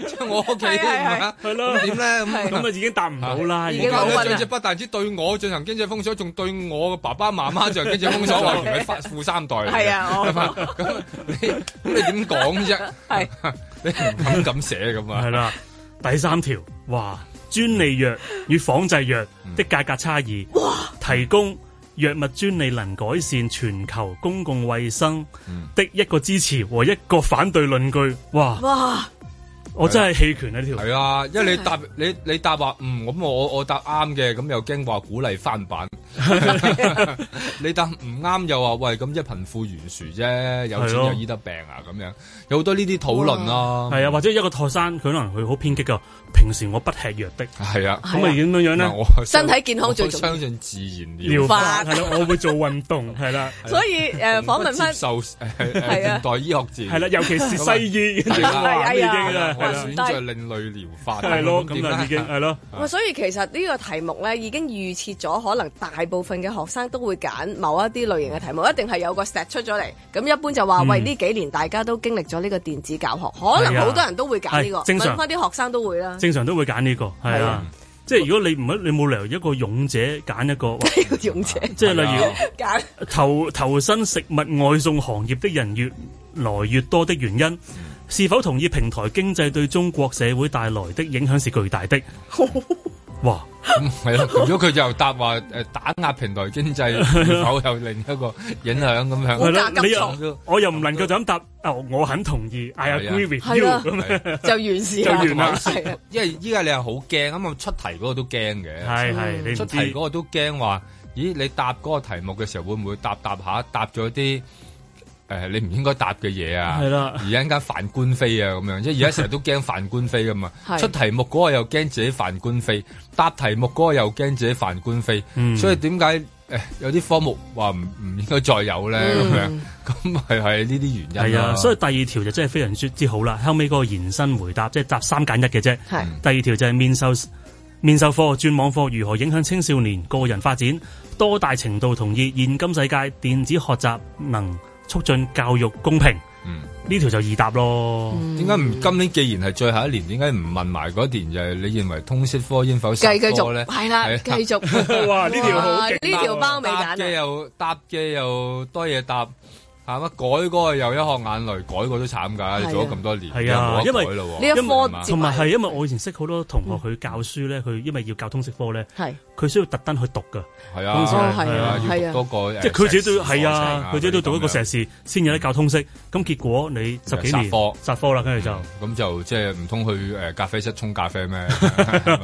即係我屋企，係咯，咁點咧？咁咁啊，已經答唔到啦。已經，咁啊，甚至不但止對我進行經濟封鎖，仲對我嘅爸爸媽媽進行經濟封鎖，唔係富三代。係啊，咁咁你點講啫？係你唔敢咁寫咁啊？係啦，第三條，哇，專利藥與仿製藥的價格差異，哇，提供。藥物專利能改善全球公共衛生的一個支持和一個反對論據，哇！哇！我真係棄權啊！呢條係啊，因為你答、啊、你你答話唔咁，我我答啱嘅，咁又驚話鼓勵翻版。啊、 你答唔啱又話喂，咁即係貧富懸殊啫，有錢就醫得病啊，咁樣有好多呢啲討論咯。係啊，或者一個托生佢可能佢好偏激噶。平時我不吃藥的，係啊，咁咪點樣樣咧？身體健康最重要，相信自然療法，係啦，我會做運動，係啦。所以誒，訪問翻受誒現代醫學治，係啦，尤其是西醫，係啦，已經啦，選擇另類療法，係咯，咁啊已經係咯。咁啊，所以其實呢個題目咧，已經預設咗可能大部分嘅學生都會揀某一啲類型嘅題目，一定係有個 set 出咗嚟。咁一般就話喂，呢幾年大家都經歷咗呢個電子教學，可能好多人都會揀呢個，問翻啲學生都會啦。正常都會揀呢、這個，係啊，嗯、即係如果你唔係你冇理由一個勇者揀一個，勇 者，即係例如揀 投投身食物外送行業的人越來越多的原因，嗯、是否同意平台經濟對中國社會帶來的影響是巨大的？ 哇，係 咯、 啊，如果佢就答話誒打壓平台經濟，又否、 啊、又另一個影響咁樣。係咯、 啊，你又，我又唔能夠就咁答、哦。我肯同意。係啊 g 就完事、啊。就完、 啊、因為依家你係好驚，咁我出題嗰個都驚嘅。係係。出題嗰個都驚話， 咦？你答嗰個題目嘅時候會唔會答答下，答咗啲？誒、哎，你唔應該答嘅嘢啊，而家啲犯官非啊，咁樣即係而家成日都驚犯官非噶、啊、嘛。 的出題目嗰個又驚自己犯官非，答題目嗰個又驚自己犯官非，嗯、所以點解誒有啲科目話唔唔應該再有咧？咁、嗯、樣咁係係呢啲原因係啊。所以第二條就真係非常之之好啦。後尾嗰個延伸回答即係、就是、答三揀一嘅啫。的第二條就係面授，面授課轉網課如何影響青少年個人發展，多大程度同意現今世界電子學習能？促進教育公平，呢、嗯、條就易答咯。點解唔今年既然，係最後一年，點解唔問埋嗰段？就係你認為通識科應否刪？繼續咧，係啦、啊，繼續。 哇，呢條好呢、啊、條包尾蛋嘅、啊、又答嘅又多嘢答。係咪改過又一河眼淚，改過都慘噶。你做咗咁多年，又冇得改啦。呢一科同埋係因為我以前識好多同學去教書咧，佢因為要教通識科咧，係佢需要特登去讀噶。係啊，咁所以係啊，嗰個即係佢自己都要係啊，佢自己都要讀一個碩士先有得教通識。咁結果你十幾年雜科，雜科啦，跟住就咁就即係唔通去誒咖啡室沖咖啡咩？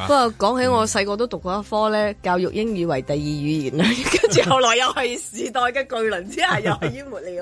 不過講起我細個都讀過一科咧，教育英語為第二語言，跟住後來又係時代嘅巨輪之下又淹沒你。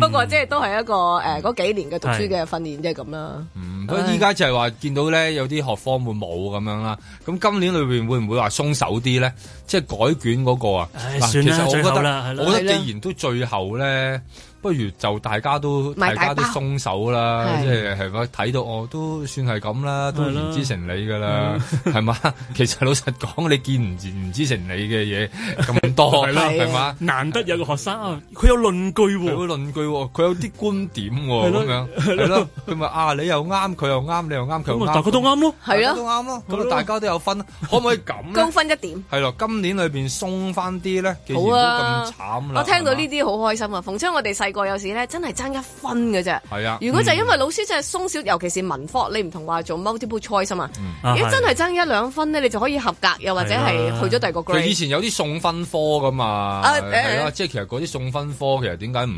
不過即係都係一個誒嗰幾年嘅讀書嘅訓練即係咁啦。嗯，所以依家就係話見到咧有啲學科會冇咁樣啦。咁今年裏邊會唔會話鬆手啲咧？即係改卷嗰個啊？其實我覺得，我覺得既然都最後咧。不如就大家都大家都鬆手啦，即係係咪睇到我都算係咁啦，都言之成理噶啦，係嘛？其實老實講，你見唔見言之成理嘅嘢咁多，係嘛？難得有個學生，佢有論據佢有論據喎，佢有啲觀點喎，咁樣係咯。佢咪啊，你又啱，佢又啱，你又啱，佢又啱，大家都啱咯，係咯，都啱咯。咁大家都有分，可唔可以咁高分一點？係咯，今年裏邊鬆翻啲咧，其實都咁慘，我聽到呢啲好開心啊！逢親我哋細個有時咧，真係爭一分嘅啫。係啊，如果就係因為老師真係鬆少，尤其是文科，你唔同話做 multiple choice、嗯、啊嘛。如果真係爭一兩分咧，你就可以合格，又或者係去咗第二個 grade 佢，啊、以前有啲送分科噶嘛，係啊，即係其實嗰啲送分科其實點解唔？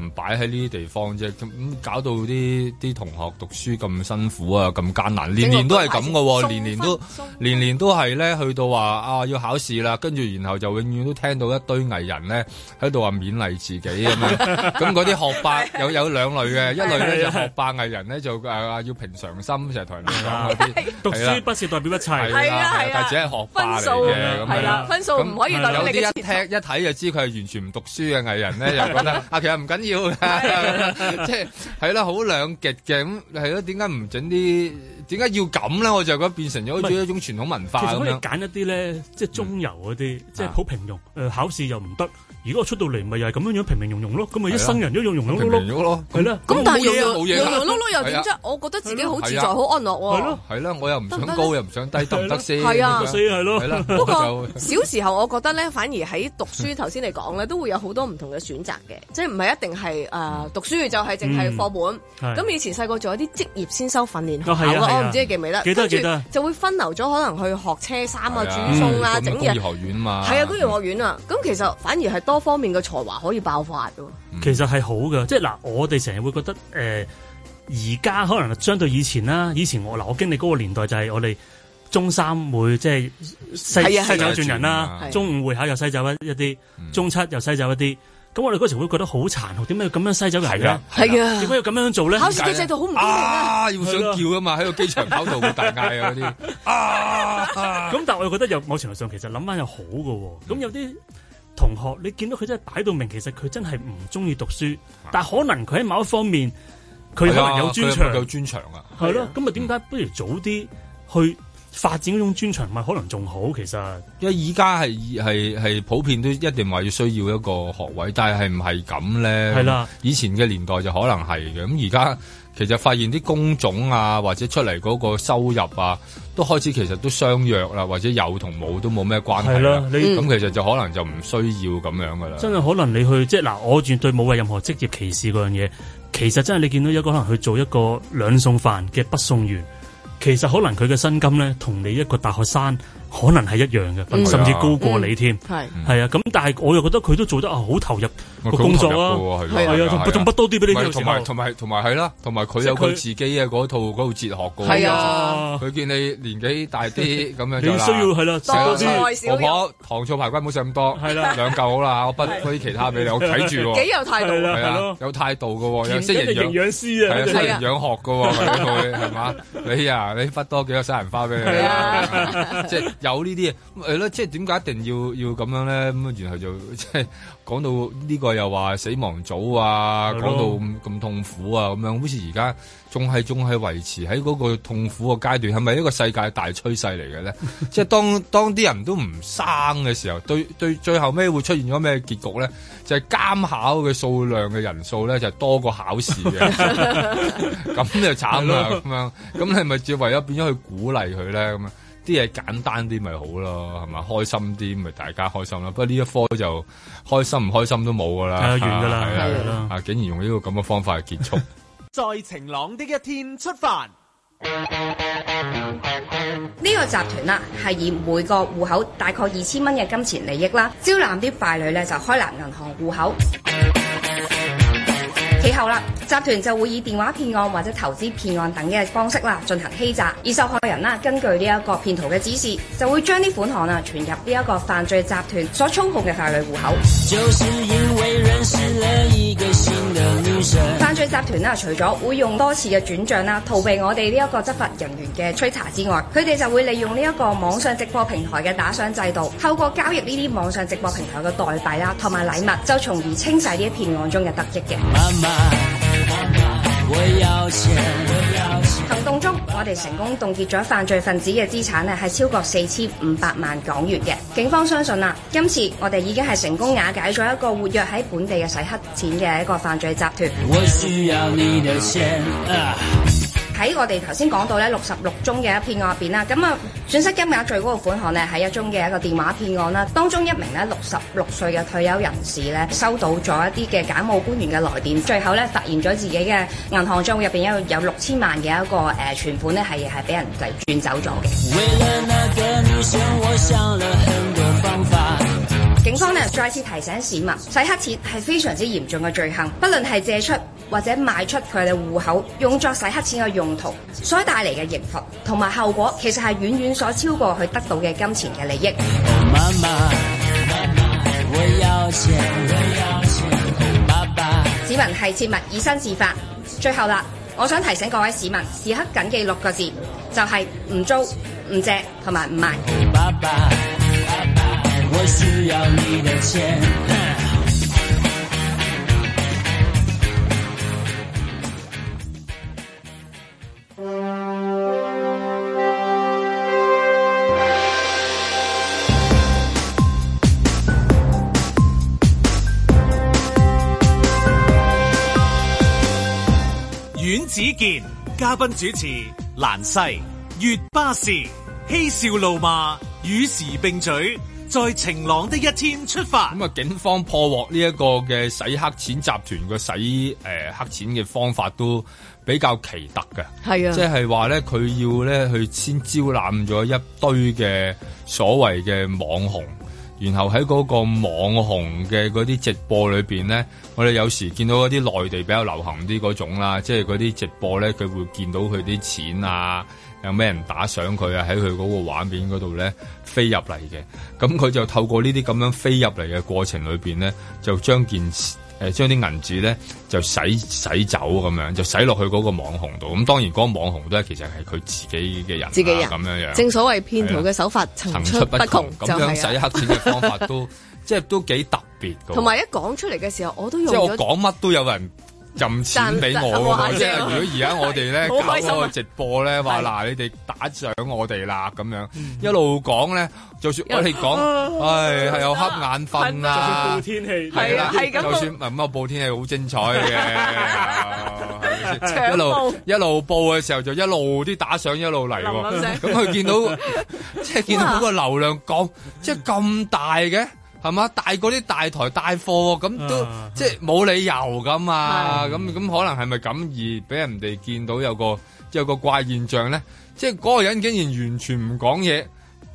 唔擺喺呢啲地方啫，咁搞到啲啲同學讀書咁辛苦啊，咁艱難，年年都係咁嘅喎，年年都年年都係咧，去到話啊要考試啦，跟住然後就永遠都聽到一堆藝人咧喺度話勉勵自己咁樣，咁嗰啲學霸有有兩類嘅，一類咧就學霸藝人咧就誒要平常心成日同人哋講嗰啲，讀書不是代表一切，係啊係但係只係學霸嚟嘅，係啦，分數唔可以代替，有啲一聽一睇就知佢係完全唔讀書嘅藝人咧，又覺得啊其實唔緊。要即係係啦，好兩極嘅咁，係咯，點解唔整啲？點解要咁咧？我就覺得變成咗一種傳統文化。其實可以揀一啲咧，即係中游嗰啲，嗯、即係好平庸，誒、啊呃，考試又唔得。如果我出到嚟，咪又係咁樣樣平平庸庸咯，咁咪一生人一樣庸庸碌碌咯，係咯。咁但係庸庸碌碌又點啫？我覺得自己好自在、好安樂喎。係咯，係啦，我又唔想高，又唔想低，得唔得先？係啊，係咯。不過小時候我覺得咧，反而喺讀書頭先嚟講咧，都會有好多唔同嘅選擇嘅，即係唔係一定係誒讀書就係淨係課本。咁以前細個做一啲職業先修訓練學校，我唔知你記唔記得。記得記得，就會分流咗，可能去學車衫啊、煮餸啊、整嘢。工業學院嘛。係啊，工業學院啊，咁其實反而係多方面嘅才華可以爆發咯，其實係好嘅。即係嗱，我哋成日會覺得誒，而家可能相對以前啦，以前我嗱我經歷嗰個年代就係我哋中三會即係西西走轉人啦，中五會考又西走一一啲，中七又西走一啲，咁我哋嗰時會覺得好殘酷，點解要咁樣西走人咧？係啊，點解要咁樣做咧？考試嘅制度好唔公平啊？要想叫啊嘛，喺個機場跑道度大嗌，啊嗰啲啊，咁但係我又覺得有某程度上其實諗翻又好嘅，咁有啲。同學，你見到佢真係擺到明，其實佢真係唔中意讀書，但可能佢喺某一方面，佢可能有專長，有、啊、專長啊，係咯。咁啊，點解、啊、不如早啲去發展嗰種專長，咪可能仲好？其實，因為而家係係係普遍都一定話要需要一個學位，但係係唔係咁咧？係啦、啊，以前嘅年代就可能係嘅，咁而家。其實發現啲工種啊，或者出嚟嗰個收入啊，都開始其實都相若啦，或者有同冇都冇咩關係啦。咁其實就可能就唔需要咁樣噶啦。真係可能你去即係嗱，我絕對冇話任何職業歧視嗰樣嘢。其實真係你見到有個可能去做一個兩餸飯嘅北餸員，其實可能佢嘅薪金咧，同你一個大學生。可能係一樣嘅，甚至高過你添。係，係啊。咁但係我又覺得佢都做得好投入個工作咯。係啊，仲撥多啲俾你。同埋同埋同埋係啦，同埋佢有佢自己嘅嗰套嗰套哲學噶。係啊，佢見你年紀大啲咁樣就需要係啦，婆婆糖醋排骨唔好食咁多，係啦，兩嚿好啦我撥多啲其他俾你，我睇住。幾有態度，係啊，有態度噶。係啊，識營養師啊，係啊，識營養學噶。佢係嘛？你啊，你撥多幾多西蘭花俾你即係。有呢啲嘢，係咯，即係點解一定要要咁樣咧？咁然後就即係講到呢個又話死亡組啊，講吧到咁痛苦啊，咁樣好似而家仲係仲係維持喺嗰個痛苦嘅階段，係咪一個世界大趨勢嚟嘅咧？即係 當當啲人都唔生嘅時候，對對，最後尾會出現咗咩結局咧？就係、是、監考嘅數量嘅人數咧，就多過考試嘅，咁 就慘啦咁樣。咁你咪只為咗變咗去鼓勵佢咧咁樣？啲嘢簡單啲咪好咯，係嘛？開心啲咪大家開心啦。不過呢一科就開心唔開心都冇㗎喇，係啊，完㗎喇，啊，竟然用呢個咁嘅方法去結束。 再晴朗啲嘅一天出發，呢個集團啦係以每個戶口大概二千蚊嘅金錢利益啦，招攬啲傀儡咧就開立銀行戶口。其後啦，集團就會以電話騙案或者投資騙案等嘅方式啦，進行欺詐。而受害人啦，根據呢一個騙徒嘅指示，就會將呢款項啊存入呢一個犯罪集團所操控嘅法律戶口。犯罪集團呢，除咗會用多次嘅轉賬啦，逃避我哋呢一個執法人員嘅追查之外，佢哋就會利用呢一個網上直播平台嘅打賞制度，透過交易呢啲網上直播平台嘅代幣啦，同埋禮物，就從而清洗呢啲騙案中嘅得益嘅。媽媽行動中，我哋成功凍結咗犯罪分子嘅資產咧，係超過四千五百萬港元嘅。警方相信啊，今次我哋已經係成功瓦解咗一個活躍喺本地嘅洗黑錢嘅一個犯罪集團。我需要你的錢啊喺我哋頭先講到咧六十六宗嘅一騙案入邊啦，咁啊損失金額最高嘅款項咧係一宗嘅一個電話騙案啦，當中一名咧六十六歲嘅退休人士咧收到咗一啲嘅假冒官員嘅來電，最後咧發現咗自己嘅銀行帳戶入邊有有六千萬嘅一個誒存款咧係係俾人嚟轉走咗嘅。警方咧再次提醒市民，洗黑錢係非常之嚴重嘅罪行，不論係借出，或者賣出佢哋戶口，用作洗黑錢嘅用途，所帶嚟嘅刑罰同埋後果，其實係遠遠所超過佢得到嘅金錢嘅利益。子、oh, 民係切勿以身試法。最後啦，我想提醒各位市民，時刻緊記六個字，就係、是、唔租、唔借同埋唔賣。Baba, Baba, 我需要你子健嘉賓主持蘭西月巴士嬉笑怒罵與時並舉，在晴朗的一天出發。咁啊，警方破獲呢一個嘅洗黑錢集團嘅洗誒黑錢嘅方法都比較奇特嘅，係啊，即係話咧，佢要咧去先招攬咗一堆嘅所謂嘅網紅。然後喺嗰個網紅嘅嗰啲直播裏邊咧，我哋有時見到嗰啲內地比較流行啲嗰種啦，即係嗰啲直播咧，佢會見到佢啲錢啊，有咩人打賞佢啊，喺佢嗰個畫面嗰度咧，飛入嚟嘅，咁佢就透過呢啲咁樣飛入嚟嘅過程裏邊咧，就將件。誒將啲銀紙咧就洗洗走咁樣，就洗落去嗰個網紅度。咁當然嗰個網紅都係其實係佢自己嘅人啦，自己人，咁樣樣。正所謂騙徒嘅手法層出不窮，咁係啊，咁樣洗黑錢嘅方法都 即係都幾特別。同埋一講出嚟嘅時候，我都用咗即係我講乜都有人。任錢俾我喎，即係如果而家我哋咧搞嗰個直播咧，話嗱你哋打賞我哋啦咁樣，一路講咧，就算我哋講，唉係有瞌眼瞓啦，就算報天氣，係啊係咁，就算唔係咁，報天氣好精彩嘅，一路一路報嘅時候就一路啲打賞一路嚟喎，咁佢見到即係見到嗰個流量講，即係咁大嘅。係嘛？大嗰啲大台大貨咁都、uh，即係冇理由㗎嘛？咁咁、uh。可能係咪咁易俾人哋見到有個有個怪現象咧？即係嗰個人竟然完全唔講嘢。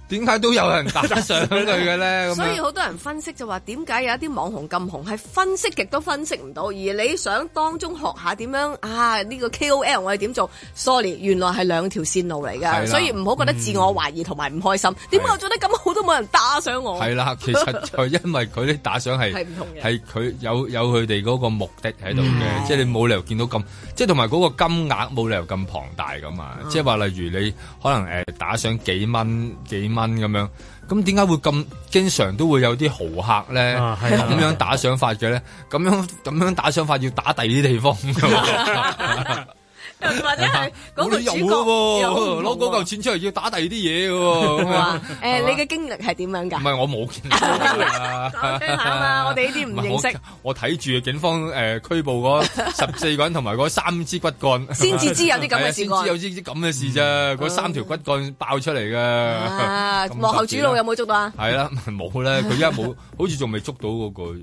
點解都有人打賞佢嘅咧？ 所以好多人分析就話點解有一啲網紅咁紅，係分析極都分析唔到。而你想當中學下點樣啊？呢個 KOL 我哋點做？Sorry，原來係兩條線路嚟㗎。的所以唔好覺得自我懷疑同埋唔開心。點解、嗯、我做得咁好都冇人打賞我？係啦，其實係因為佢啲打賞係係佢有有佢哋嗰個目的喺度嘅，嗯、即係你冇理由見到咁，即係同埋嗰個金額冇理由咁龐大㗎嘛。嗯、即係話例如你可能誒打賞幾蚊幾蚊。咁、啊啊、樣，樣，咁點解會咁經常都會有啲豪客咧咁樣打賞法嘅咧？咁樣咁樣打賞法要打第二啲地方。 或者係嗰個主角攞嗰嚿錢出嚟要打第二啲嘢嘅。誒，你嘅經歷係點樣噶？唔係我冇經歷，講啊嘛。我哋呢啲唔認識。我睇住警方誒拘捕嗰十四個人，同埋嗰三支骨幹，先至知有啲咁嘅事，先知有啲咁嘅事咋。嗰三條骨幹爆出嚟嘅。幕後主腦有冇捉到啊？係啦，冇啦，佢依家冇，好似仲未捉到嗰個誒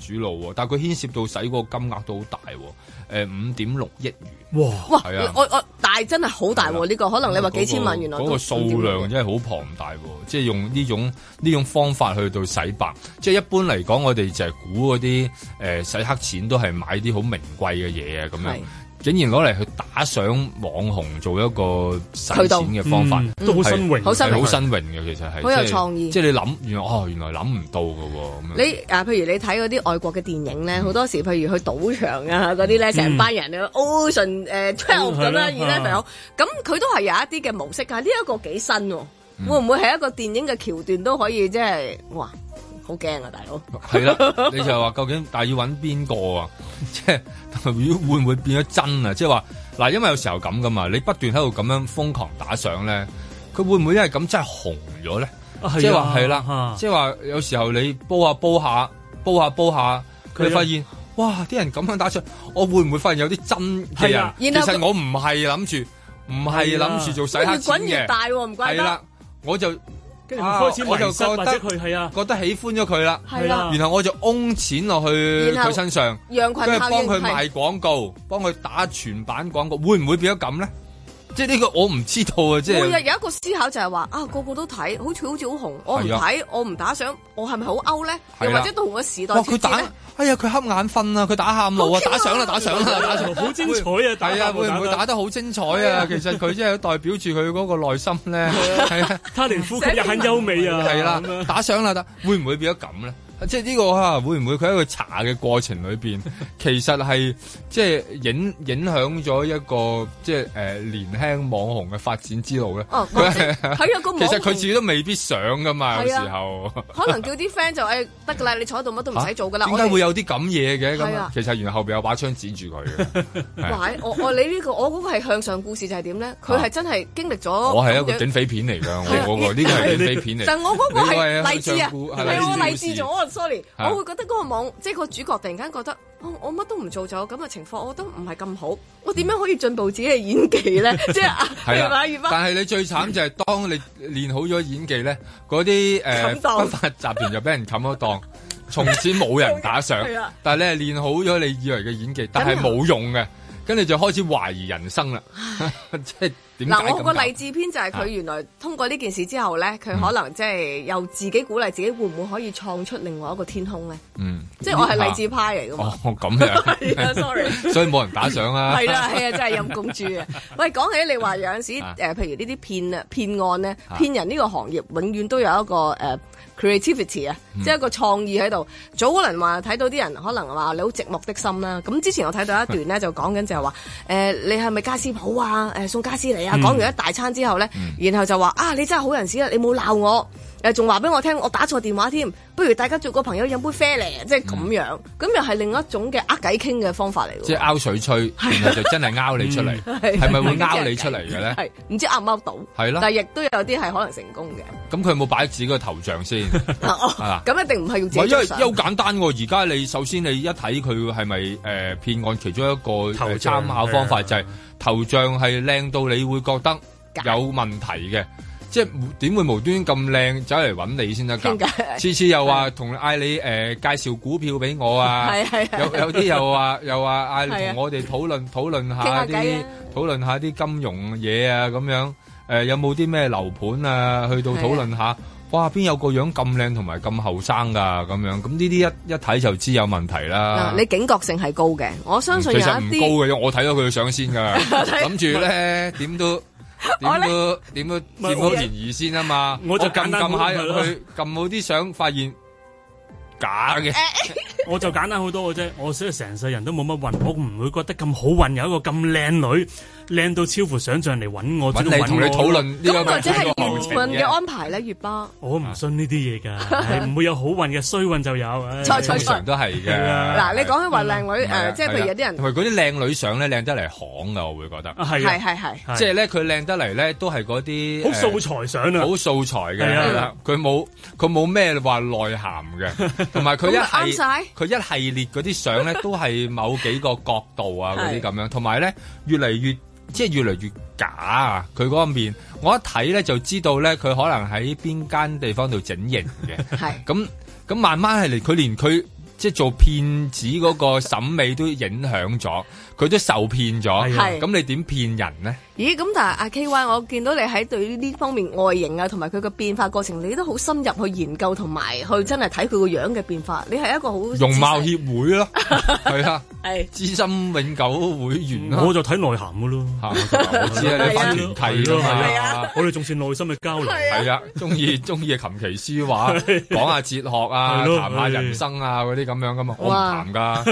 主腦。但係佢牽涉到使個金額都好大。誒，五點六億元，哇，哇、係啊，我我真大真係好大呢個，可能你話幾千萬元，嗰個、原來 5. 5億元，嗰個數量真係好龐大，啊，即係用呢種呢種方法去到洗白，即係一般嚟講我哋就係估嗰啲誒洗黑錢都係買啲好名貴嘅嘢啊咁樣。竟然攞嚟去打賞網紅做一個渠道嘅方法，都好新穎，好新穎嘅其實係好有創意。即係你諗，原來哦，原來諗唔到㗎喎。你啊，譬如你睇嗰啲外國嘅電影咧，好多時譬如去賭場啊嗰啲咧，成班人啊，Ocean 誒 Twelve 咁啦，而家咪好。咁佢都係有一啲嘅模式嘅，呢一個幾新喎。會唔會係一個電影嘅橋段都可以？即係哇！好驚啊，大佬！係啦，你就係話究竟，但係要搵邊個啊？即係，同埋會唔會變咗真啊？即係話嗱，因為有時候咁噶嘛，你不斷喺度咁樣瘋狂打賞咧，佢會唔會因為咁真係紅咗咧？即係話係啦，即係話有時候你煲下煲下，煲下煲下，煲下，佢、啊、發現哇，啲人咁樣打賞，我會唔會發現有啲真嘅人？啊、其實我唔係諗住，唔係諗住做洗黑錢嘅。啊、越滾越大，啊，唔怪得。我就。啊！開始我就覺得、啊、覺得喜歡咗佢啦，啊、然後我就掹錢落去佢身上，跟住幫佢賣廣告，幫佢是打全版廣告，會唔會變咗咁咧？即係呢個我唔知道啊！即係每啊，有一個思考就係話啊，個個都睇，好似好似好紅，我唔睇，我唔打賞，我係咪好勾 u 咧？又或者同個時代哇！佢打哎呀！佢瞌眼瞓啊！佢打喊路啊！打賞啦！打賞啦！打賞！好精彩啊！係啊！會唔會打得好精彩啊？其實佢即係代表住佢嗰個內心咧，係啊！他連呼吸又很優美啊！係啦，打賞啦得，會唔會變咗咁咧？即係呢個吓，會唔會佢喺個查嘅過程裏邊，其實係即係影，影響咗一個即係誒年輕網紅嘅發展之路咧。哦，係啊，其實佢自己都未必想噶嘛，有時候。可能叫啲 friend 就誒得噶啦，你坐喺度乜都唔使做噶啦。點解會有啲咁嘢嘅？係啊。其實原來後邊有把槍指住佢嘅。我我你呢個我嗰個係向上故事就係點咧？佢係真係經歷咗。我係一個警匪片嚟嘅，我我呢個係警匪片嚟。但我嗰個係勵志啊！係我勵志咗。sorry，、啊、我會覺得嗰個網，即、就、係、是、個主角突然間覺得，哦，我乜都唔做咗，咁嘅情況，我都唔係咁好。我點樣可以進步自己嘅演技咧？即係係，但係你最慘就係當你練好咗演技咧，嗰啲誒不法集團就俾人冚咗檔，從此冇人打賞。但係你係練好咗你以為嘅演技，但係冇用嘅。跟住就開始懷疑人生啦， 即係點？嗱，我個勵志篇就係佢原來通過呢件事之後咧，佢可能即係又自己鼓勵自己會唔會可以創出另外一個天空咧？嗯，即係我係勵志派嚟嘅、啊啊。哦，咁樣，sorry， 所以冇人打賞啊。係啦， 係啊，真係陰公豬啊！喂，講起你話有陣時誒、呃，譬如呢啲騙啊騙案咧，騙人呢個行業永遠都有一個誒。呃 creativity 啊，Creat ivity，即係一個創意喺度。早嗰輪話睇到啲人可能話你好寂寞的心啦。咁之前我睇到一段咧，就講緊就係話誒，你係咪家私鋪啊？誒、呃、送家私嚟啊！講 完一大餐之後咧， 然後就話啊，你真係好人士啊，你冇鬧我。誒，仲話俾我聽，我打錯電話添，不如大家做個朋友飲杯啡嚟，即係咁樣，咁又係另一種嘅呃偈傾嘅方法嚟。即係拗水吹，然後就真係拗你出嚟，係咪會拗你出嚟嘅咧？係唔知拗唔拗到？係啦，但係亦都有啲係可能成功嘅。咁佢有冇擺自己個頭像先？啊，咁一定唔係用自己。唔係，因為好簡單嘅。而家你首先你一睇佢係咪誒騙案其中一個參考方法，就係頭像係靚到你會覺得有問題嘅。即係點會無端咁靚走嚟揾你先得噶？點解次次又話同嗌你誒介紹股票俾我啊？係係有有啲又話又話嗌你同我哋討論討論下啲討論下啲金融嘢啊咁樣，誒有冇啲咩樓盤啊去到討論下？哇邊有個樣咁靚同埋咁後生噶咁樣咁呢啲一一睇就知有問題啦！你警覺性係高嘅，我相信啊。其實唔高嘅，我睇到佢嘅相先噶，諗住咧點都。點都點呢都點是都懷疑先啊嘛！我就撳撳下入去，撳好啲相，發現假嘅，我就簡單好 簡單多嘅啫。我所以成世人都冇乜運，我唔會覺得咁好運有一個咁靚女。靚到超乎想象嚟揾我，嚟同你討論呢個嘅好運嘅安排咧，月巴。我唔信呢啲嘢噶，係唔會有好運嘅，衰運就有。通常都係嘅。嗱，你講起話靚女誒，即係譬如有啲人，係嗰啲靚女相咧，靚得嚟巷噶，我會覺得。係係係，即係咧，佢靚得嚟咧，都係嗰啲好素材相啊，好素材嘅。係啦，佢冇佢冇咩話內涵嘅，同埋佢一係佢一系列嗰啲相咧，都係某幾個角度啊，嗰啲咁樣，同埋咧越嚟越。即係越嚟越假啊！佢嗰個面，我一睇咧就知道咧，佢可能喺邊間地方度整形嘅。係咁咁，慢慢係嚟，佢連佢即係做騙子嗰個審美都影響咗。佢都受騙咗，咁你點騙人呢？咦，咁但係阿 K Y，我見到你喺對於呢方面外形啊，同埋佢個變化過程，你都好深入去研究同埋去真係睇佢個樣嘅變化。你係一個好容貌協會咯，係啊，係資深永久會員咯。我就睇內涵嘅咯，我知啊，你翻題咯，係啊，我哋仲算內心嘅交流，係啊，中意中意嘅琴棋書畫，講下哲學啊，談下人生啊嗰啲咁樣噶嘛，我唔談噶，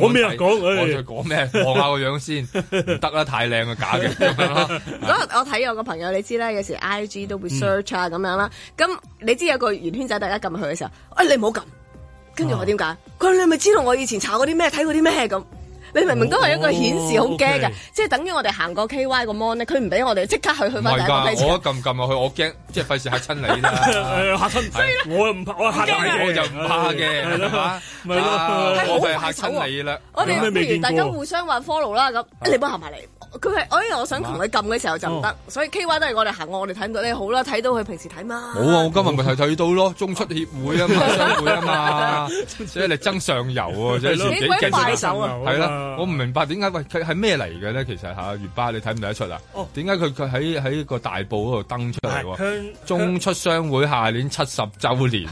講咩啊講。咩？望下個樣先，得啦，太靚啊，假嘅。日 我睇有個朋友，你知啦，有時 I G 都會 search 啊，咁、嗯、樣啦。咁你知有個圓圈仔，大家撳去嘅時候，哎，你唔好撳。跟住我點解？佢、啊、你咪知道我以前查過啲咩，睇過啲咩咁。你明明都係一個顯示好驚嘅，即係等於我哋行過 KY 個 mon 佢唔俾我哋即刻去去翻大費錢。唔係㗎，我撳撳下我驚即係費事嚇親你啦！嚇我唔怕，我嚇你我就唔怕嘅，係嘛？我係嚇親你啦！我哋不如大家互相話 follow 啦咁。你唔好行埋嚟，佢係哎呀，我想同佢撳嘅時候就唔得，所以 KY 都係我哋行過，我哋睇唔到咧。好啦，睇到佢平時睇嘛。好啊，我今日咪睇睇到咯，中出協會啊嘛，所以你嘛，爭上游啊，即係自手啊，係啦。我唔明白點解，喂，佢係咩嚟嘅咧？其實吓，粵巴你睇唔睇得出啊？點解佢佢喺喺個大報度登出嚟？中出商會下年七十周年，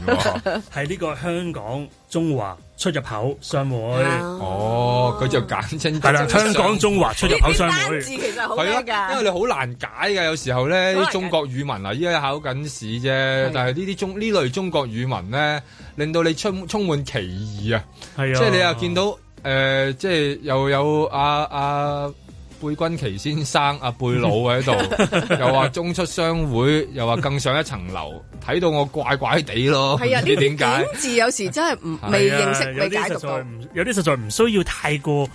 係呢個香港中華出入口商會。哦，佢就簡稱係啦，香港中華出入口商會字其實好噶，因為你好難解嘅。有時候咧，中國語文啊，依家考緊試啫。但係呢啲中呢類中國語文咧，令到你充充滿歧義啊。係啊，即係你又見到。誒、呃，即係又有阿阿貝君奇先生，阿，啊、貝老喺度， 又話中出商會，又話更上一層樓，睇 到我怪怪地咯，唔、啊、知點解字有時真係唔、啊、未認識未、啊、解讀有，有啲實在唔需要太過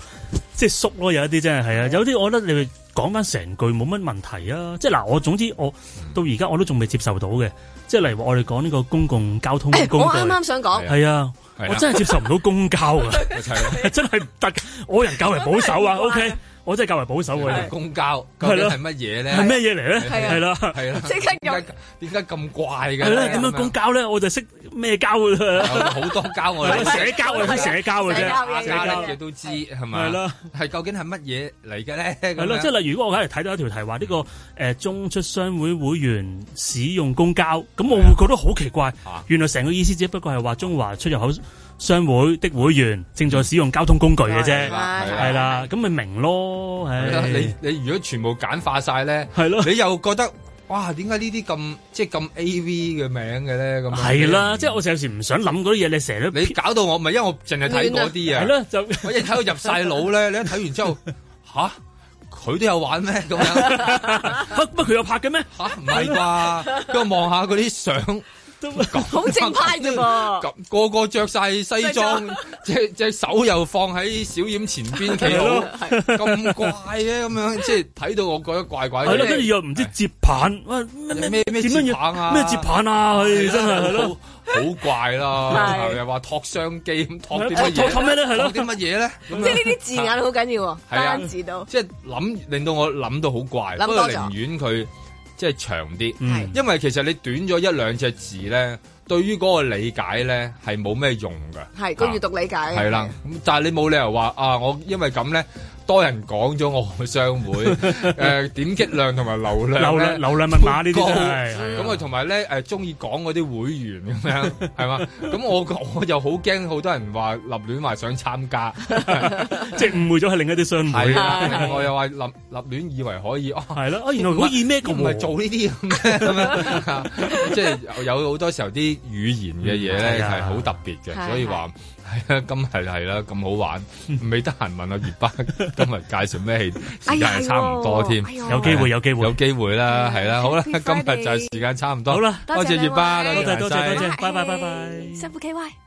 即係縮咯，有一啲真係係啊，有啲我覺得你講翻成句冇乜問題啊，即係嗱，我總之我，我到而家我都仲未接受到嘅。嗯即係例如我哋講呢個公共交通，嘅我啱啱想講，係啊，我真係接受唔到公交 啊， 真係唔得， 我人較為保守啊 ，OK。我真係較為保守嘅公交，究竟係乜嘢咧？係乜嘢嚟咧？係啦，係啦，即刻咁點解咁怪嘅？係咧，點樣公交咧？我就識咩交嘅啦，好多交我，社交我識社交嘅啫，大家咧佢都知係嘛？係咯，係究竟係乜嘢嚟嘅咧？咁咯，即係例如，如果我喺度睇到一條題話呢個誒中出商會會員使用公交，咁我會覺得好奇怪，原來成個意思只不過係話中華出入口，商會的會員正在使用交通工具嘅啫，係啦，咁咪明咯。你你如果全部簡化晒咧，係咯，你又覺得哇，點解呢啲咁即係咁 AV 嘅名嘅咧？咁係啦，即係我有時唔想諗嗰啲嘢，你成日都你搞到我，唔係因為我淨係睇嗰啲啊，係咯，就我一睇到入晒腦咧，你一睇完之後，吓佢都有玩咩咁樣？吓乜佢有拍嘅咩？吓唔係啩？跟住望下嗰啲相。好正派啫噃，咁個個着晒西裝，隻隻手又放喺小掩前邊企，咁怪嘅咁樣，即係睇到我覺得怪怪。係咯，跟住又唔知接棒，喂咩咩咩咩接棒啊，咩接棒啊，佢真係係咯，好怪啦，又話托相機咁托啲乜嘢？托咩咧？係咯，托啲乜嘢咧？即係呢啲字眼好緊要，單字都。即係諗，令到我諗到好怪，不過寧願佢。即係長啲，嗯、因為其實你短咗一兩隻字咧，對於嗰個理解咧，係冇咩用噶。係個閲讀理解。係啦，咁但係你冇理由話啊，我因為咁咧。多人講咗我嘅商會，誒、 呃、點擊量同埋流量，流量密碼高的呢啲係，咁啊同埋咧誒中意講嗰啲會員咁樣，係嘛？咁、 嗯、我我又好驚，好多人話立亂話想參加， 即係誤會咗係另一啲商會。 我又話立立亂以為可以哦，係咯，原來可以咩咁，唔係、 啊、做呢啲咁嘅，即係 有好多時候啲語言嘅嘢咧係好特別嘅 是的， 所以話。係啊，今日係啦，咁好玩，未得閒問阿月巴今日介紹咩戲，時間係差唔多添，有機會有機會有機會啦，係啦，好啦，今日就係時間差唔多，好啦，多謝月巴，多謝多謝，拜拜拜拜，辛苦 K Y。